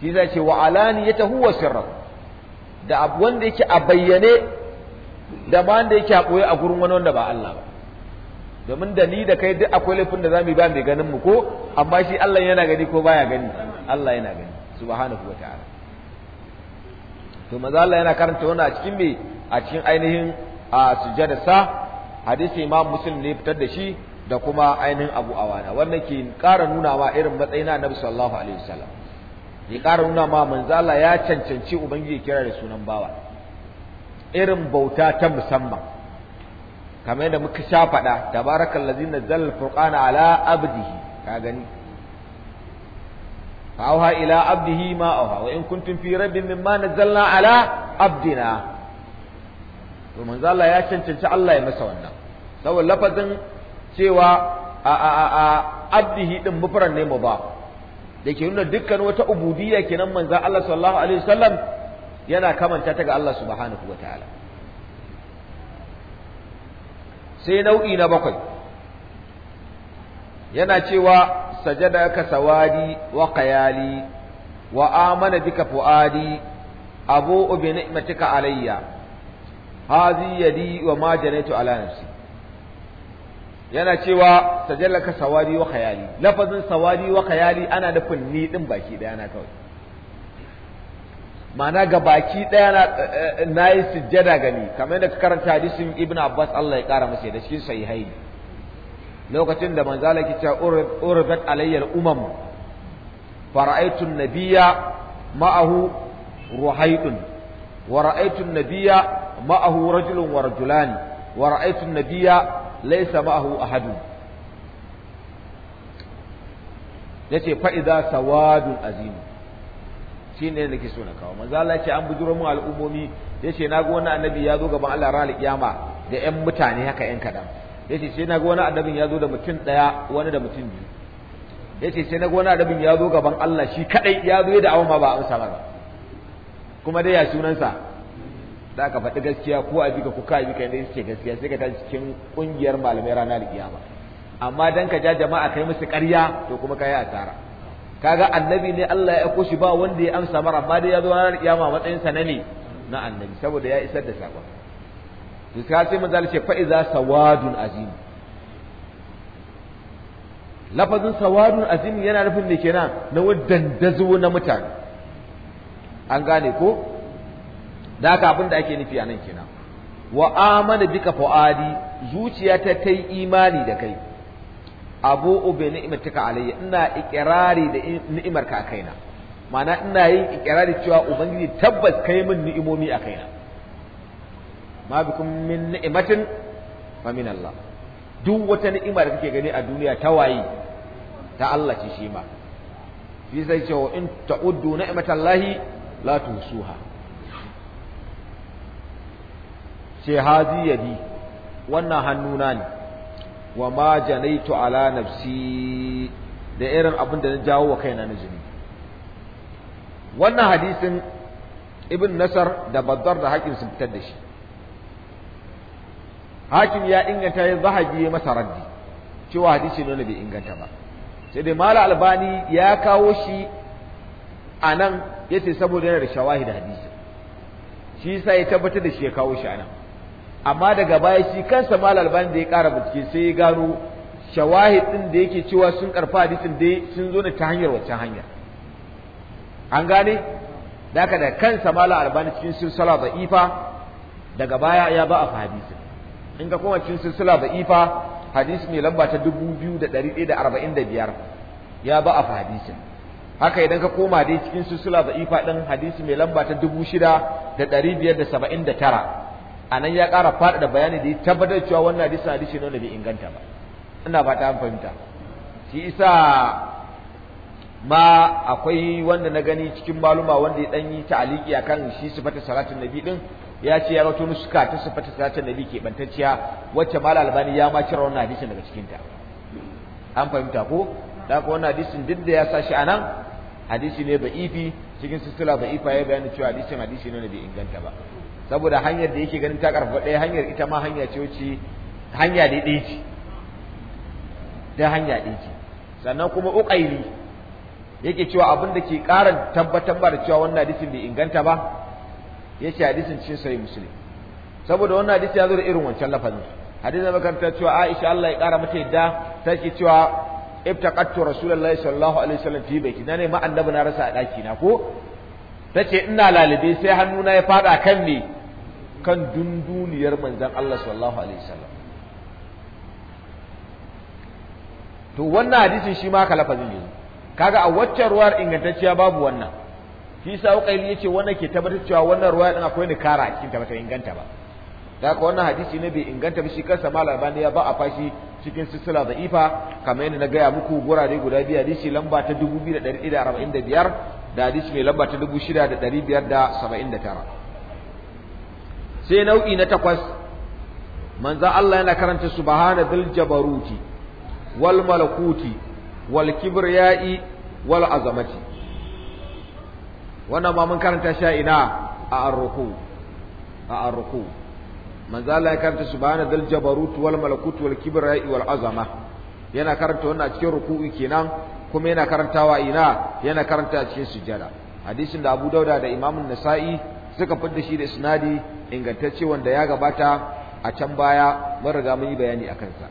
shi zai ce wa alaniyatahu wa sirra da wanda yake a bayyane da ba wanda yake a koyi a gurin wani wanda ba Allah ba domin da ni da kai duk akwai laifin da zamu yi ba mai ganin mu ko amma shi Allah yana gani ko baya gani Allah yana gani subhanahu wataala to maza Allah yana karanta wannan a cikin me a cikin ainihin a sujada sa hadisi Imam Muslim ne fitar da shi da kuma ainihin Abu Awana wannan ke ƙara nuna ma irin matsayin Annabi sallallahu alaihi wasallam ya ƙara nuna ma manzo Allah ya cancanci ubangiji kira da sunan bawa irin bauta ta musamman kamar yadda muka sha faɗa na nazzala alfurqana ala abdihi ka gani فأوها min ma ما أوها وإن كنتم في ريب مما نزلنا على عبدنا ومن ذا الله يشن شاء الله يمسى a سوى اللفظ سوى عبده ne mu ba. Da dake nuna dukkan wata ubudiyya kenan manzon Allah sallallahu alaihi wasallam yana kamanta ta ga Allah subhanahu wataala sai nau'i na bakwai yana cewa sajada ka sawadi wa qayali wa amana bika fuadi abu bi ni'matika alayya hazi yadi wa ma janaitu ala nafsi yana cewa sajada ka sawadi wa qayali lafazin sawadi wa qayali ana nufin ni din baki daya na kawai ma'ana ga baki ɗaya eh, na yi sujjada gani kamar yadda ka karanta hadisin ibn abbas allah ya ƙara masa da cikin sahihaini lokacin da manzo Allah ke cewa urbat alayyal umam fara'aytu nabiyya ma'ahu ruhaydun wa ra'aytu nabiyya ma'ahu rajulun wa rajulan wa ra'aytu nabiyya laysa ma'ahu ahadun yace fa idza sawadun azim shi ne da ke so na kawo manzo Allah ce an bujuro mu al'ummomi yace na ga wani annabi ya zo gaban Allah ranar kiyama da ƴan mutane haka ƴan kaɗan yace sai na ga wani annabin ya zo da mutum ɗaya wani da mutum biyu yace sai na ga wani annabin ya zo gaban Allah shi kadai ya zo da awon ma ba amsa ba kuma dai ya sunansa da ka faɗi gaskiya ko a bika ko ka bika ne yake gaskiya sai ka tashi cikin ƙungiyar malamai ranar kiyama amma dan ka ja jama'a kai musu ƙarya to kuma kai asara kaga annabi ne Allah ya aiko shi ba wanda ya amsa mara amma dai ya zo ranar kiyama matsayin sa na ne na annabi saboda ya isar da sako to sai sai manzo ce fa iza sawadun azim lafazin sawadun azim yana nufin ne kenan na wadan dazo na mutane an gane ko da haka abin da ake nufi a nan kenan wa amana bika fuadi zuciyata ta yi imani da kai abu'u bi ni'matika alayya ina ikirari da ni'imarka a kaina ma'ana ina yin ikirari cewa ubangiji tabbas kai min ni'imomi a kaina ma bikum min ni'matin fa min Allah duk wata ni'ima da kake gani a duniya ta waye ta Allah ce shi ma fi sai cewa in ta'uddu ni'matallahi la tuhsuha ce hazi yadi wannan hannuna ne wa ma janaitu ala nafsi da irin abin da na jawo wa kaina na jini wannan hadisin ibn nasar da bazzar da hakim sun fitar da shi hakim ya inganta ya zahabi ya masa raddi cewa hadisi ne bai inganta ba sai dai mala albani ya kawo shi a nan ya ce saboda yana da shawahi da hadisi shi sa ya tabbatar da shi ya kawo shi a nan amma daga baya shi kansa mal albani da ya kara bincike sai ya gano shawahid din da yake cewa sun karfa hadisin da sun zo ne ta hanyar waccan hanya an gane da ka da kansa mal albani cikin silsila ifa daga baya ya ba a hadisin in ka koma cikin silsila ifa hadisi mai lamba ta biyar ya ba a hadisin haka idan ka koma dai cikin silsila ifa din hadisi mai lamba ta tara. anan ya ƙara faɗaɗa bayani da ya tabbatar cewa wannan hadisin hadisi ne bai inganta ba ina fata an fahimta shi isa ma akwai wanda na gani cikin maluma wanda ya ɗan yi ta'aliki akan shi sifatar salatin nabi ɗin, ya ce ya rawato nuska ta sifatar salatin nabi ke bantacciya wacce mal albani ya ma cire wannan hadisin daga cikin ta an fahimta ko da ko wannan hadisin duk da ya shi anan hadisi ne ba ifi cikin ba ifa ya bayani cewa hadisin hadisi ne bai inganta ba saboda hanyar da yake ganin ta karfa ɗaya hanyar ita ma hanya ce wacce hanya da ɗaya ce da hanya ɗaya ce sannan kuma uƙaili yake cewa abin da ke ƙara tabbatar ba da cewa wannan hadisin bai inganta ba ya ce hadisin cikin sahih muslim saboda wannan hadisi ya zo da irin wancan lafazin hadisin makaranta cewa Aisha Allah ya ƙara mata yadda ta ke cewa ibtaqattu rasulullahi sallallahu alaihi wasallam fi baiti na ne ma annabi na rasa a ɗaki na ko tace ina lalibe sai hannuna ya fada kan ne kan dunduniyar manzan Allah sallallahu alaihi wasallam to wannan hadisin shi ma haka lafazin yanzu kaga a waccan ruwar ingantacciya babu wannan shi sa ukaili yace wannan ke tabbatar cewa wannan ruwa din akwai ni kara a cikin ta inganta ba da haka wannan hadisi ne bai inganta ba shi kansa malam albani ya ba a fashi cikin sisila da ifa kamar yadda na gaya muku gurare guda biyu hadisi lamba ta biyu da hadisi mai lamba ta 6579 sai nau'i na takwas manzo Allah yana karanta subhana dhil jabaruti wal malakuti wal kibriyai wal azamati wannan ma mun karanta sha ina a arruku a arruku manzo Allah ya karanta subhana dhil jabaruti wal malakuti wal kibriyai wal azama yana karanta wannan a cikin ruku'i kenan kuma yana karantawa ina yana karanta a cikin sujada hadisin da Abu Dauda da Imam Nasa'i suka fadda shi da isnadi ingantacce wanda ya gabata a can baya mun riga mun yi bayani a kansa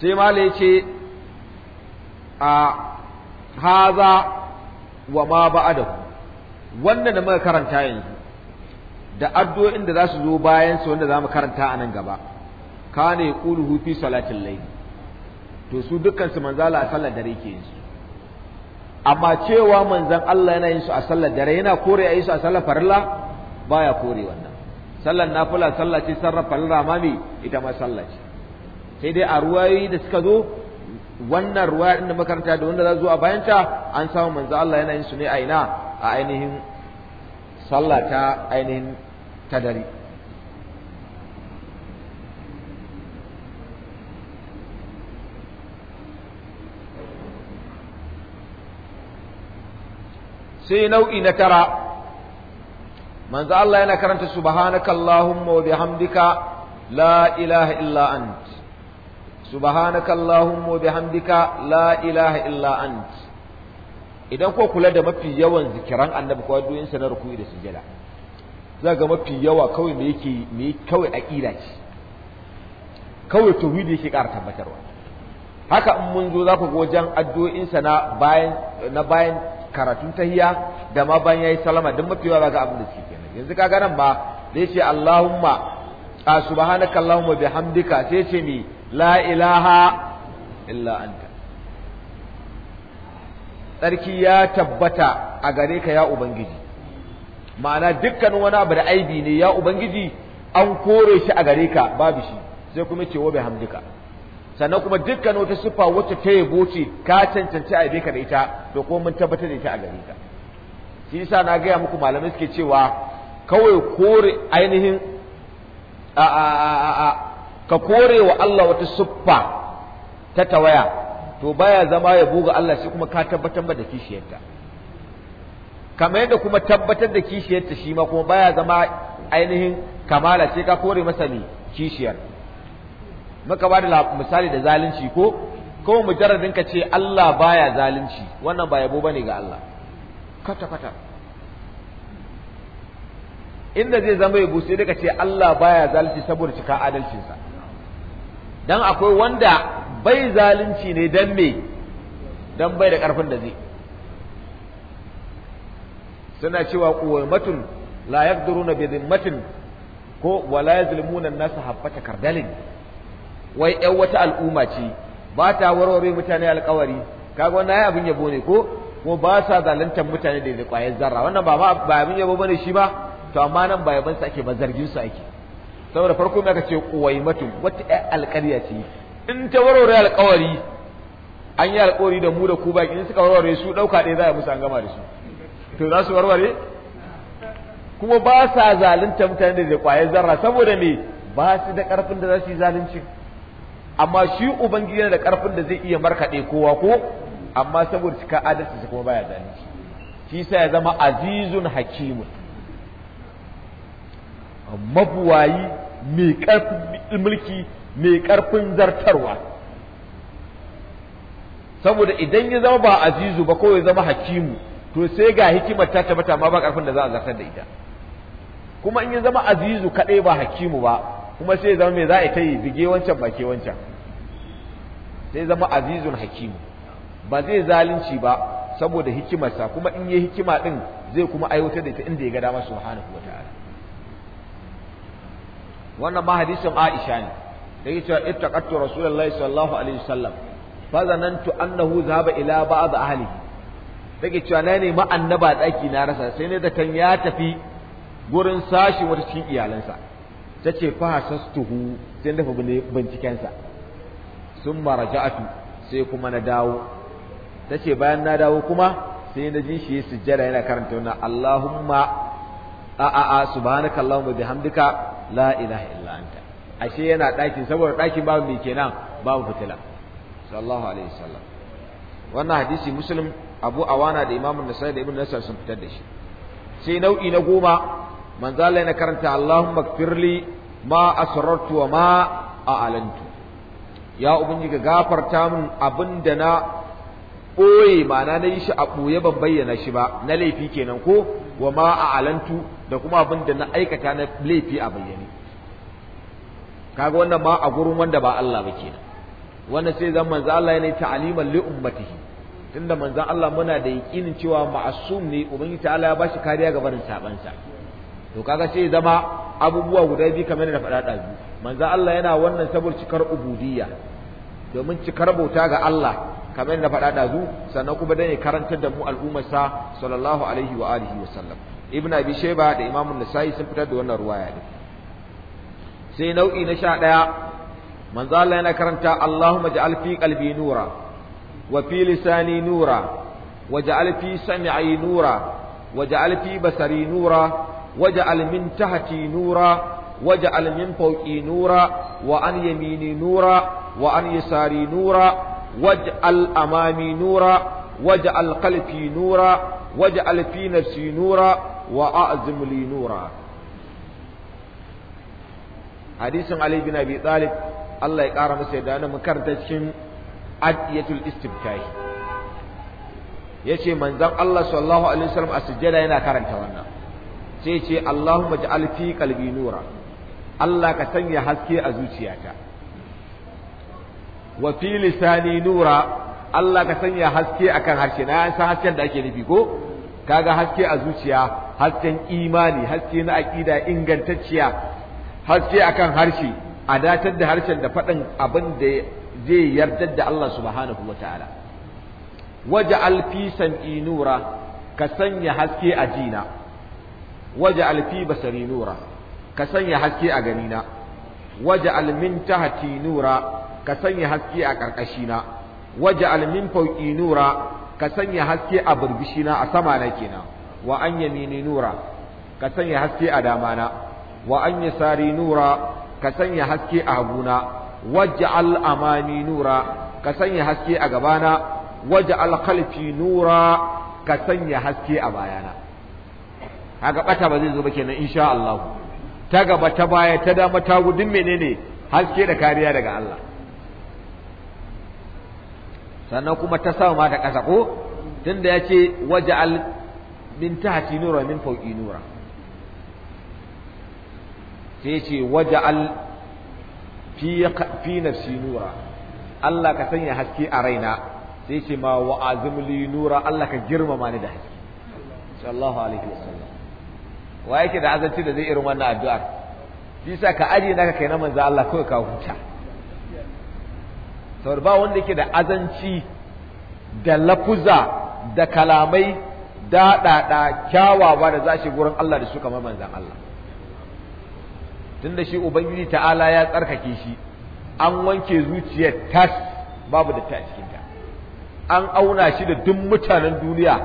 sai malai ya ce a haza wa ma ba'ada wannan da muka karanta yanzu da addu'o'in da za su zo bayan su wanda za mu karanta a nan gaba kane yaquluhu fi salatil layl to su dukkan su manzala a sallar dare ke yin amma cewa manzon Allah yana yin su a sallar dare yana kore a yi su a sallar farilla baya kore wannan sallar nafila sallah ce sarra farilla ma ita ma sallah ce sai dai a ruwayoyi da suka zo wannan ruwaya din da makaranta da wanda za zo a bayanta an samu manzo Allah yana yin su ne a ina a ainihin sallah ta ainihin ta dare sai nau'i na tara manzo Allah yana karanta subhanakallahumma wa bihamdika la ilaha illa ant subhanakallahumma wa bihamdika la ilaha illa ant idan ko kula da mafi yawan zikiran annabi ko addu'o'in sa na ruku'i da sujada za ga mafi yawa kawai me yake me kawai aqida ce kawai tauhidi yake ƙara tabbatarwa haka in mun zo za ku ga wajen addu'o'in sa na bayan na bayan karatun tahiyya da ma bayan yayi salama duk mafi yawa ga abin da suke kenan yanzu kaga nan ba. zai ce Allahumma a subhanaka Allahumma bihamdika sai ce mi la ilaha illa anta tsarki ya tabbata a gare ka ya ubangiji ma'ana dukkanin wani abu da aibi ne ya ubangiji an kore shi a gare ka babu shi sai kuma ce wa bihamdika sannan kuma dukkan wata siffa wacce ta yabo ce ka cancanci a yabe da ita to kuma mun tabbatar da ita a gare ka shi yasa na gaya muku malamai suke cewa kawai kore ainihin a a a a ka kore wa Allah wata siffa ta tawaya to baya zama ya buga Allah shi kuma ka tabbatar ba da kishiyarta kamar yadda kuma tabbatar da kishiyarta shi ma kuma baya zama ainihin kamala sai ka kore masa ne kishiyar muka ba da misali da zalunci ko ko mujarradin ka ce Allah baya zalunci wannan ba yabo bane ga Allah kwata kwata inda zai zama yabo sai daga ce Allah baya zalunci saboda cika adalcinsa dan akwai wanda bai zalunci ne dan me dan bai da karfin da zai suna cewa quwmatun la yaqdiruna bi dhimmatin ko wala yazlimuna an-nasa habbata kardalin wai ƴan wata al'umma ce ba ta warware mutane alkawari kaga wannan ai abin yabo ne ko ko ba sa zaluntar mutane da kwayar zarra wannan ba ba abin yabo bane shi ba to amma nan ba yabansa ake ba zargin su ake saboda farko me aka ce quwaimatu wata ƴan alƙarya ce in ta warware alkawari an yi alkawari da mu da ku baki in suka warware su dauka ɗaya za a musu an gama da su to za su warware kuma ba sa zalunta mutane da kwayar zarra saboda me ba su da ƙarfin da za su yi zalunci amma shi ubangiji yana da karfin da zai iya markaɗe kowa ko amma saboda cika adalci kuma baya zalunci shi sa ya zama azizun hakimun mabuwayi mai karfin mulki mai karfin zartarwa saboda idan ya zama ba azizu ba ko ya zama hakimu to sai ga hikimar ta tabbata ma ba karfin da za a zartar da ita kuma in ya zama azizu kaɗai ba hakimu ba kuma sai ya zama mai za a ta yi bige wancan ba ke wancan sai zama azizun hakim ba zai zalunci ba saboda hikimarsa kuma in yi hikima din zai kuma aiwatar da ita inda ya ga dama subhanahu wataala wannan ma hadisin Aisha ne da yake cewa ittaqattu rasulullahi sallallahu alaihi wasallam fa zanantu annahu zahaba ila ba'd ahlihi take cewa na ne annaba daki na rasa sai ne da kan ya tafi gurin sashi wata cikin iyalansa tace fa hasastuhu sai dafa bincikensa sun ja'atu sai kuma na dawo ta ce bayan na dawo kuma sai na ji shi sujjada yana karanta wannan Allahumma a a a subhanaka Allahumma bihamdika la ilaha illa anta ashe yana ɗakin saboda ɗakin babu mai kenan babu fitila sallallahu alaihi wasallam wannan hadisi muslim abu awana da imamun nasai da ibn nasar sun fitar da shi sai nau'i na goma manzo Allah yana karanta Allahumma gfirli ma asrartu wa ma a'lantu ya ubangiji ka gafarta min abin da na ɓoye ma'ana na yi shi a ɓoye ban bayyana shi ba na laifi kenan ko wa ma a alantu da kuma abin da na aikata na laifi a bayyane kaga wannan ma a gurin wanda ba Allah ba kenan wannan sai zan manzo Allah ya ne ta'aliman li ummatihi tunda manzon Allah muna da yaƙinin cewa ma'asum ne ubangiji ta'ala ya bashi kariya ga barin sabansa to kaga sai zama abubuwa guda biyu kamar da faɗa ɗazu manzo Allah yana wannan saboda cikar ubudiyya domin cikar bauta ga Allah kamar yadda faɗa dazu sannan kuma ya karantar da mu sa, sallallahu alaihi wa alihi wa sallam ibn abi shayba da imamu nasa'i sun fitar da wannan ruwaya ne sai nau'i na sha ɗaya manzo Allah yana karanta Allahumma ja'al fi qalbi nura wa fi lisani nura waj'al fi sam'i nura waj'al fi basari nura waj'al min tahti nura waj'al min fawqi nura wa an yamini nura wa an yasari nura waj'al amami nura waj'al al'kalfi nura waj'al fi nafsi nura wa a'zim nura hadisin ali bin abi talib Allah ya ƙara masa yadda mun makaranta cikin adiyatul istiftahi ya ce manzan Allah sallallahu alaihi wasallam a sujjada yana karanta wannan sai ce Allahumma ja'al fi qalbi nura Allah ka sanya haske a zuciyata wa fi lisani nura Allah ka sanya haske akan harshe na san hasken da ake nufi ko kaga haske a zuciya hasken imani haske na aqida ingantacciya haske akan harshe a datar da harshen da faɗin abin da zai yarda da Allah subhanahu wa ta'ala waje alfi sam'i nura ka sanya haske a jina waje alfi basari nura ka sanya haske a ganina Waje almin tahati nura ka sanya haske a na. Waje almin fauƙi nura ka sanya haske a na a sama na kenan wa an yamini nura ka sanya haske a damana wa an yasari nura ka sanya haske a haguna Waje amani nura ka sanya haske a gabana Waje khalfi nura ka sanya haske a bayana haka bata ba zai zo ba kenan insha Allahu. ta gaba ta baya ta dama ta gudun menene haske da kariya daga Allah sannan kuma ta sama ma ta ƙasa ko tunda ya ce waja'al min tahti nura min fawqi nura sai ya ce waja'al fi fi nafsi nura Allah ka sanya haske a raina sai ya ce ma wa li nura Allah ka girmama ni da haske sallallahu alaihi wasallam wa yake da azanci da zai irin wannan addu'ar shi sa ka aje naka kai na manzo Allah ko ka huta saboda ba wanda yake da azanci da lafuza da kalamai daɗaɗa kyawawa da za shi gurin Allah da su kamar manzan Allah tunda shi ubangiji ta'ala ya tsarkake shi an wanke zuciyar tas babu da ta a cikinta an auna shi da duk mutanen duniya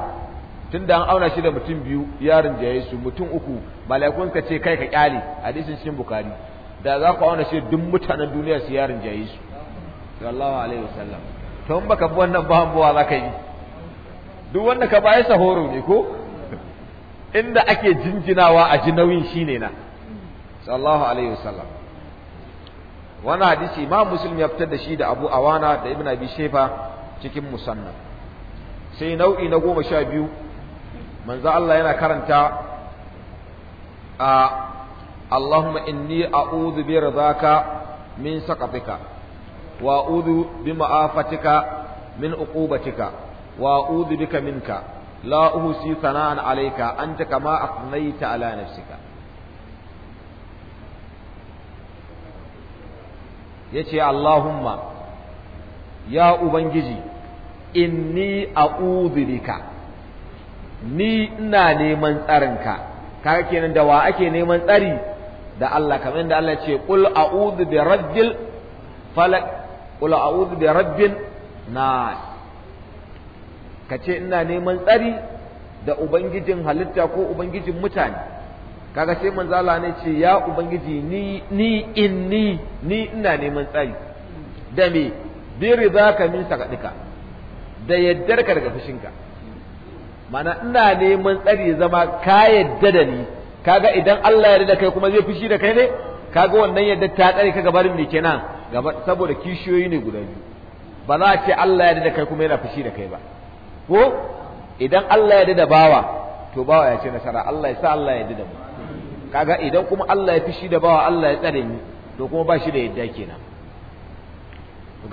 Tun da an auna shi da mutum biyu yarin jaye su mutum uku malakun ka ce kai ka kyale hadisin cikin bukari da za ku auna shi duk mutanen duniya su yarin jaye su sallallahu alaihi wasallam to in baka bi wannan ba buwa za ka yi duk wanda ka baya sahoro ne ko inda ake jinjinawa a ji nauyin shine na sallallahu alaihi wasallam wannan hadisi ma muslim ya fitar da shi da abu awana da ibn abi shefa cikin musannaf sai nau'i na goma sha biyu manzo Allah yana karanta a Allahumma inni a'udhu bi ridaka min saqatika wa a'udhu bi ma'afatika min uqubatika wa a'udhu bika minka la uhsi thana'an alayka anta kama aqnayta ala nafsika yace Allahumma ya ubangiji inni a'udhu bika ni ina neman tsarinka kaga kenan da wa ake neman tsari da Allah kamar yadda Allah ce qul a'udhu bi rabbil falaq qul a'udhu bi rabbin na kace ina neman tsari da ubangijin halitta ko ubangijin mutane kaga sai manzo Allah ne ce ya ubangiji ni ni inni ni ina neman tsari da me bi ridaka min sakadika da yaddarka daga fushinka mana ina neman tsari zama ka yadda da ni kaga idan Allah ya da kai kuma zai fushi da kai ne kaga wannan yadda ta tsare ka gabarin ne kenan gaba saboda kishiyoyi ne guda biyu ba za a ce Allah ya da kai kuma yana fushi da kai ba ko idan Allah ya da bawa to bawa ya ce nasara Allah ya sa Allah ya da mu kaga idan kuma Allah ya fushi da bawa Allah ya tsare ni to kuma ba shi da yadda kenan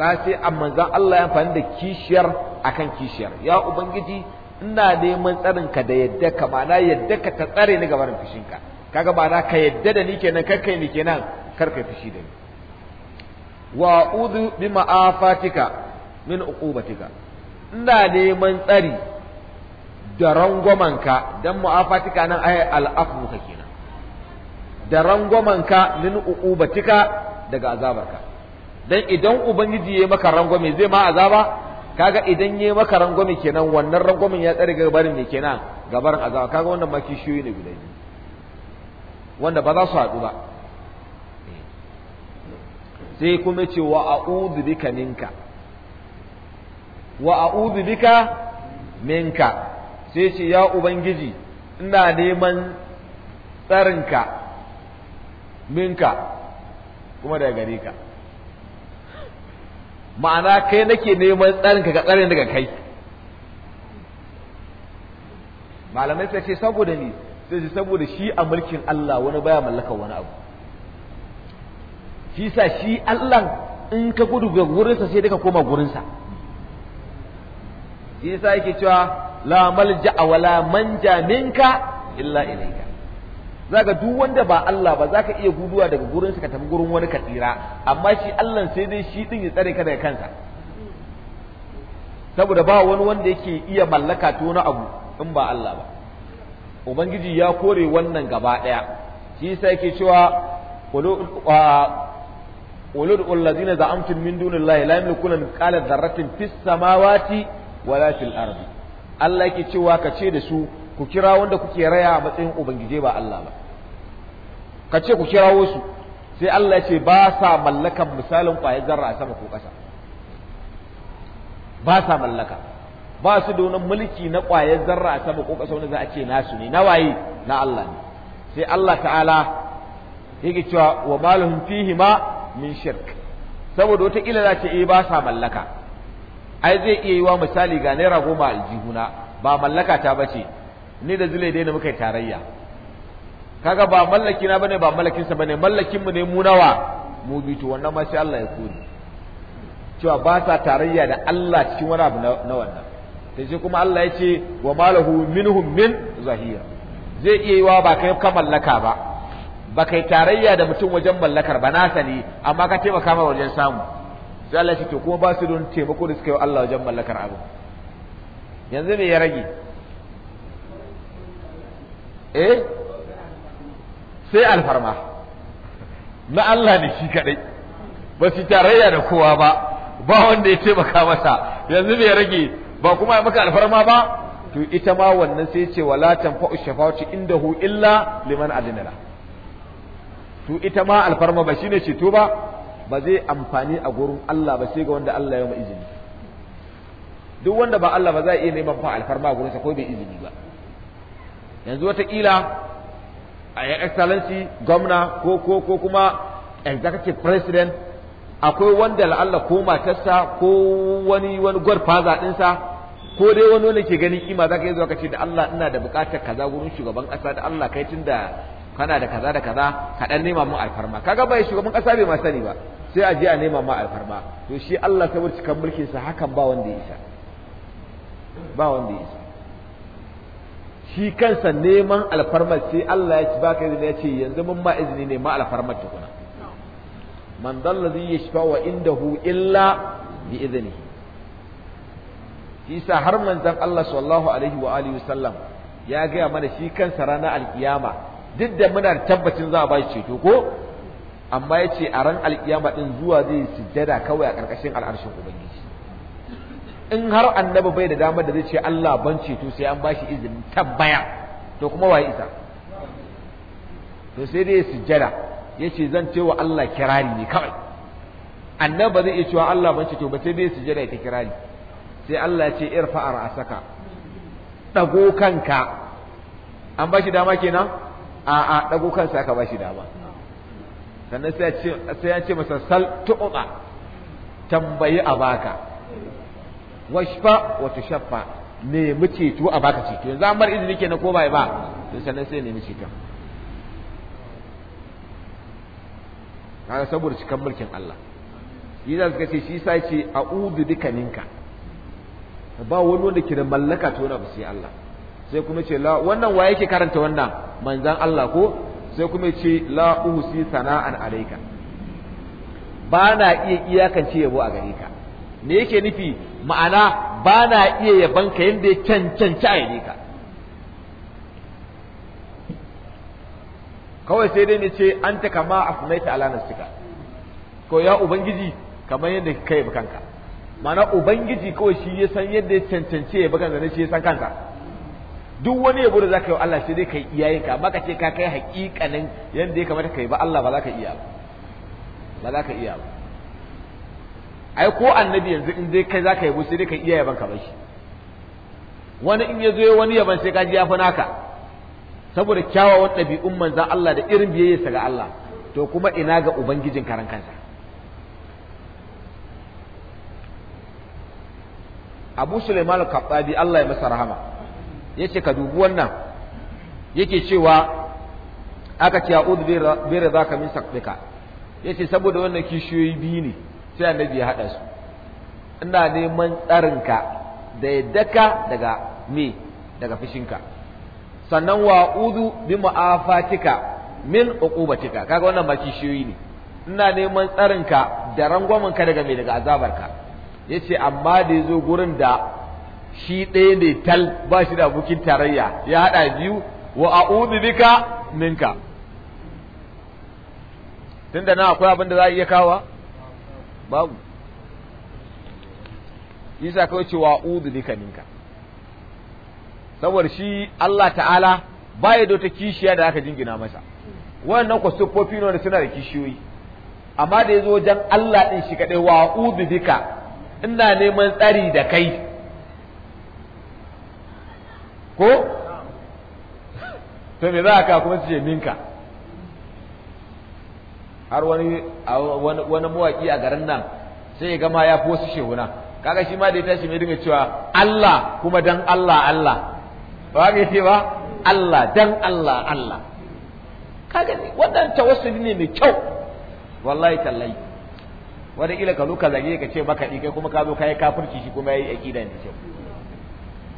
ga sai zan Allah ya amfani da kishiyar akan kishiyar ya ubangiji ina neman tsarin ka da yadda ka ma'ana yadda ka ta tsare ni gabarin fushin ka kaga na ka yadda da ni kenan kar kai ni kenan kar kai fushi da ni wa udu bi ma'afatika min uqubatika ina neman tsari da ka dan mu'afatika nan ai al'afu ka kenan da ka min uqubatika daga azabarka dan idan ubangiji yayi maka rangwame zai ma azaba kaga idan yayi maka rangwame kenan wannan rangwamin ya tsare ga barin me kenan gabarin azaba kaga wannan ma kishiyoyi ne guda wanda ba za su haɗu ba sai kuma ce wa a'udhu bika minka wa a'udhu bika minka sai ce ya ubangiji ina neman tsarinka minka kuma daga gare ka ma'ana kai nake neman tsarin ka tsarin daga kai malamai sai ce saboda ni sai ce saboda shi a mulkin Allah wani baya mallakar wani abu shi sa shi Allah in ka gudu ga gurinsa sai daga koma gurinsa shi yasa yake cewa la malja wala manja minka illa ilayka zaka duk wanda ba Allah ba zaka iya guduwa daga gurin sa ka tafi gurin wani ka tsira amma shi Allah sai dai shi din ya tsare ka daga saboda ba wani wanda yake iya mallaka to na abu in ba Allah ba ubangiji ya kore wannan gaba daya shi yasa yake cewa qulul allazina za'amtum min dunillahi la yamlikuna mithqala dharratin fis samawati wala fil ardi Allah yake cewa ka ce da su ku kira wanda kuke raya a matsayin ubangije ba Allah ba ka ce ku kirawo su sai Allah ya ce ba sa mallakan misalin kwayar zarra a sama ko ƙasa ba sa mallaka ba su da wani mulki na kwayar zarra a sama ko ƙasa wanda za a ce nasu ne na waye na Allah ne sai Allah ta'ala yake cewa wa malahum fihi ma min shirk saboda wata kila za ce eh ba sa mallaka ai zai iya yi wa misali ga naira goma aljihuna ba mallaka ta bace ni da zulai dai na muka tarayya kaga ba mallaki na bane ba mallakin sa bane mallakin mu ne mu nawa mu bi to wannan ma sai Allah ya kore cewa ba sa tarayya da Allah cikin wani abu na wannan sai sai kuma Allah ya ce wa malahu minhum min zahira zai iya yiwa ba kai ka mallaka ba ba kai tarayya da mutum wajen mallakar ba na sani amma ka taimaka ma wajen samu sai Allah ya ce to kuma ba su don taimako da suka yi Allah wajen mallakar abu yanzu ne ya rage eh sai alfarma na Allah ne shi kadai ba su tarayya da kowa ba ba wanda ya taimaka masa yanzu bai rage ba kuma ya maka alfarma ba to ita ma wannan sai ce wala tanfa'u inda indahu illa liman adinala to ita ma alfarma ba shine ceto ba ba zai amfani a gurin Allah ba sai ga wanda Allah ya izini duk wanda ba Allah ba za iya neman fa alfarma a gurinsa ko bai izini ba yanzu watakila. a excellency gwamna ko ko ko kuma executive president akwai wanda la'alla ko matarsa ko wani wani godfather dinsa ko dai wani wanda ke ganin kima za ka yi zuwa ka ce da Allah ina da buƙatar kaza wurin shugaban ƙasa da Allah kai tun da kana da kaza da kaza ka dan nema mu alfarma kaga bai shugaban ƙasa bai ma sani ba sai a je a nema ma alfarma to shi Allah saboda cikan mulkin sa hakan ba wanda ya isa ba wanda ya isa shi kansa neman alfarmar sai Allah ya baka izini ya ce yanzu mun ma izini ne ma alfarmar tukuna man dallazi yashfa wa hu illa bi izini isa har manzon Allah sallallahu alaihi wa alihi wasallam ya gaya mana shi kansa ranar alkiyama duk da muna tabbacin za a ba ceto ko amma ya ce a ran alkiyama din zuwa zai sujjada kawai a ƙarƙashin al'arshin ubangiji in har annabi bai da damar da zai ce Allah ban ceto sai an bashi izinin tabbaya to kuma waye isa to sai dai sujjada yace zan ce wa Allah kirari ne kawai annabi ba zai iya cewa Allah ban ceto ba sai dai sujjada ta kirari sai Allah ya ce irfa ra'saka dago kanka an bashi dama kenan a a dago kansa aka bashi dama sannan sai ya ce masa sal tuqa tambayi a baka washfa wa tushaffa nemi to a baka ceto yanzu an bar izini kenan ko bai ba sai sannan sai nemi kan kaga saboda cikan mulkin Allah yi za suka ce shi sa ce a'udhu bika minka ba wani wanda ke da mallaka to na sai Allah sai kuma ce la wannan wa yake karanta wannan manzan Allah ko sai kuma ce la uhsi sana'an alayka ba na iya iyakance yabo a gare ka me yake nufi ma'ana ba na iya yaban ka yadda ya cancanci a yi ka kawai sai dai ne ce an ta kama a funaita ala nafsika ko ya ubangiji kamar yadda ka yi kanka ma'ana ubangiji kawai shi ya san yadda ya cancanci ya yi kanka ne shi ya san kanka duk wani yabo da za ka yi Allah sai dai ka yi iyayen amma ka ce ka kai hakikanin yadda ya kamata ka yi ba Allah ba za ka iya ba ba za ka iya ba ai ko annabi yanzu in zai kai zaka yabo sai dai ka iya yaban ka bashi wani in ya zo wani yaban sai ka ji ya fi naka saboda kyawawan ɗabi'un manzan Allah da irin biyayyarsa ga Allah to kuma ina ga ubangijin karan kansa Abu Sulaiman al-Kabbabi Allah ya masa rahama yace ka dubi wannan yake cewa aka ce a'udhu bi ridaka min sakbika yace saboda wannan kishiyoyi biyu ne sai annabi ya haɗa su ina neman tsarinka da yaddaka daga me daga fishinka sannan wa'udu bi ma'afatika min uqubatika kaga wannan ba kishiyoyi ne ina neman tsarinka da ka daga me daga azabarka yace amma da yazo gurin da shi ɗaya ne tal ba shi da bukin tarayya ya haɗa biyu wa a'udu bika minka tunda na akwai abin da za a iya kawa babu isa kawai wa udu bika minka saboda shi Allah ta'ala ba ya dota kishiya da aka jingina masa wannan ku siffofi ne suna da kishiyoyi amma da yazo wajen Allah ɗin shi kadai wa udu ka. ina neman tsari da kai ko to me za ka kuma ce minka har wani wani mawaki a garin nan sai ya gama ya fi wasu shehuna kaga shi ma da ya tashi mai dinga cewa Allah kuma dan Allah Allah ba ga ce ba Allah dan Allah Allah kaga ni wannan tawassuli ne mai kyau wallahi tallahi wani ila ka luka ka zage ka ce maka kai kuma ka zo kai kafirci shi kuma yayi aqida ne ce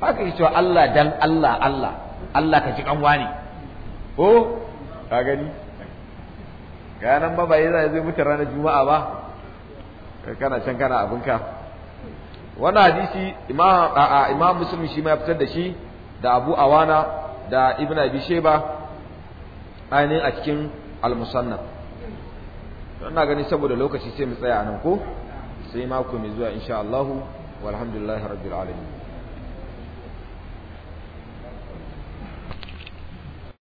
haka yace cewa Allah dan Allah Allah Allah ka ji kanwa ne ko ka gani ganin ba ba bai zai mutu ranar juma'a ba kana can kana abinka wannan hadisi imam a imam muslim shi ma ya fitar da shi da abu awana da ibn abi sheba ainihin a cikin al-musannaf ina gani saboda lokaci sai mu tsaya nan ko sai mako mai zuwa insha Allah walhamdulillahi rabbil alamin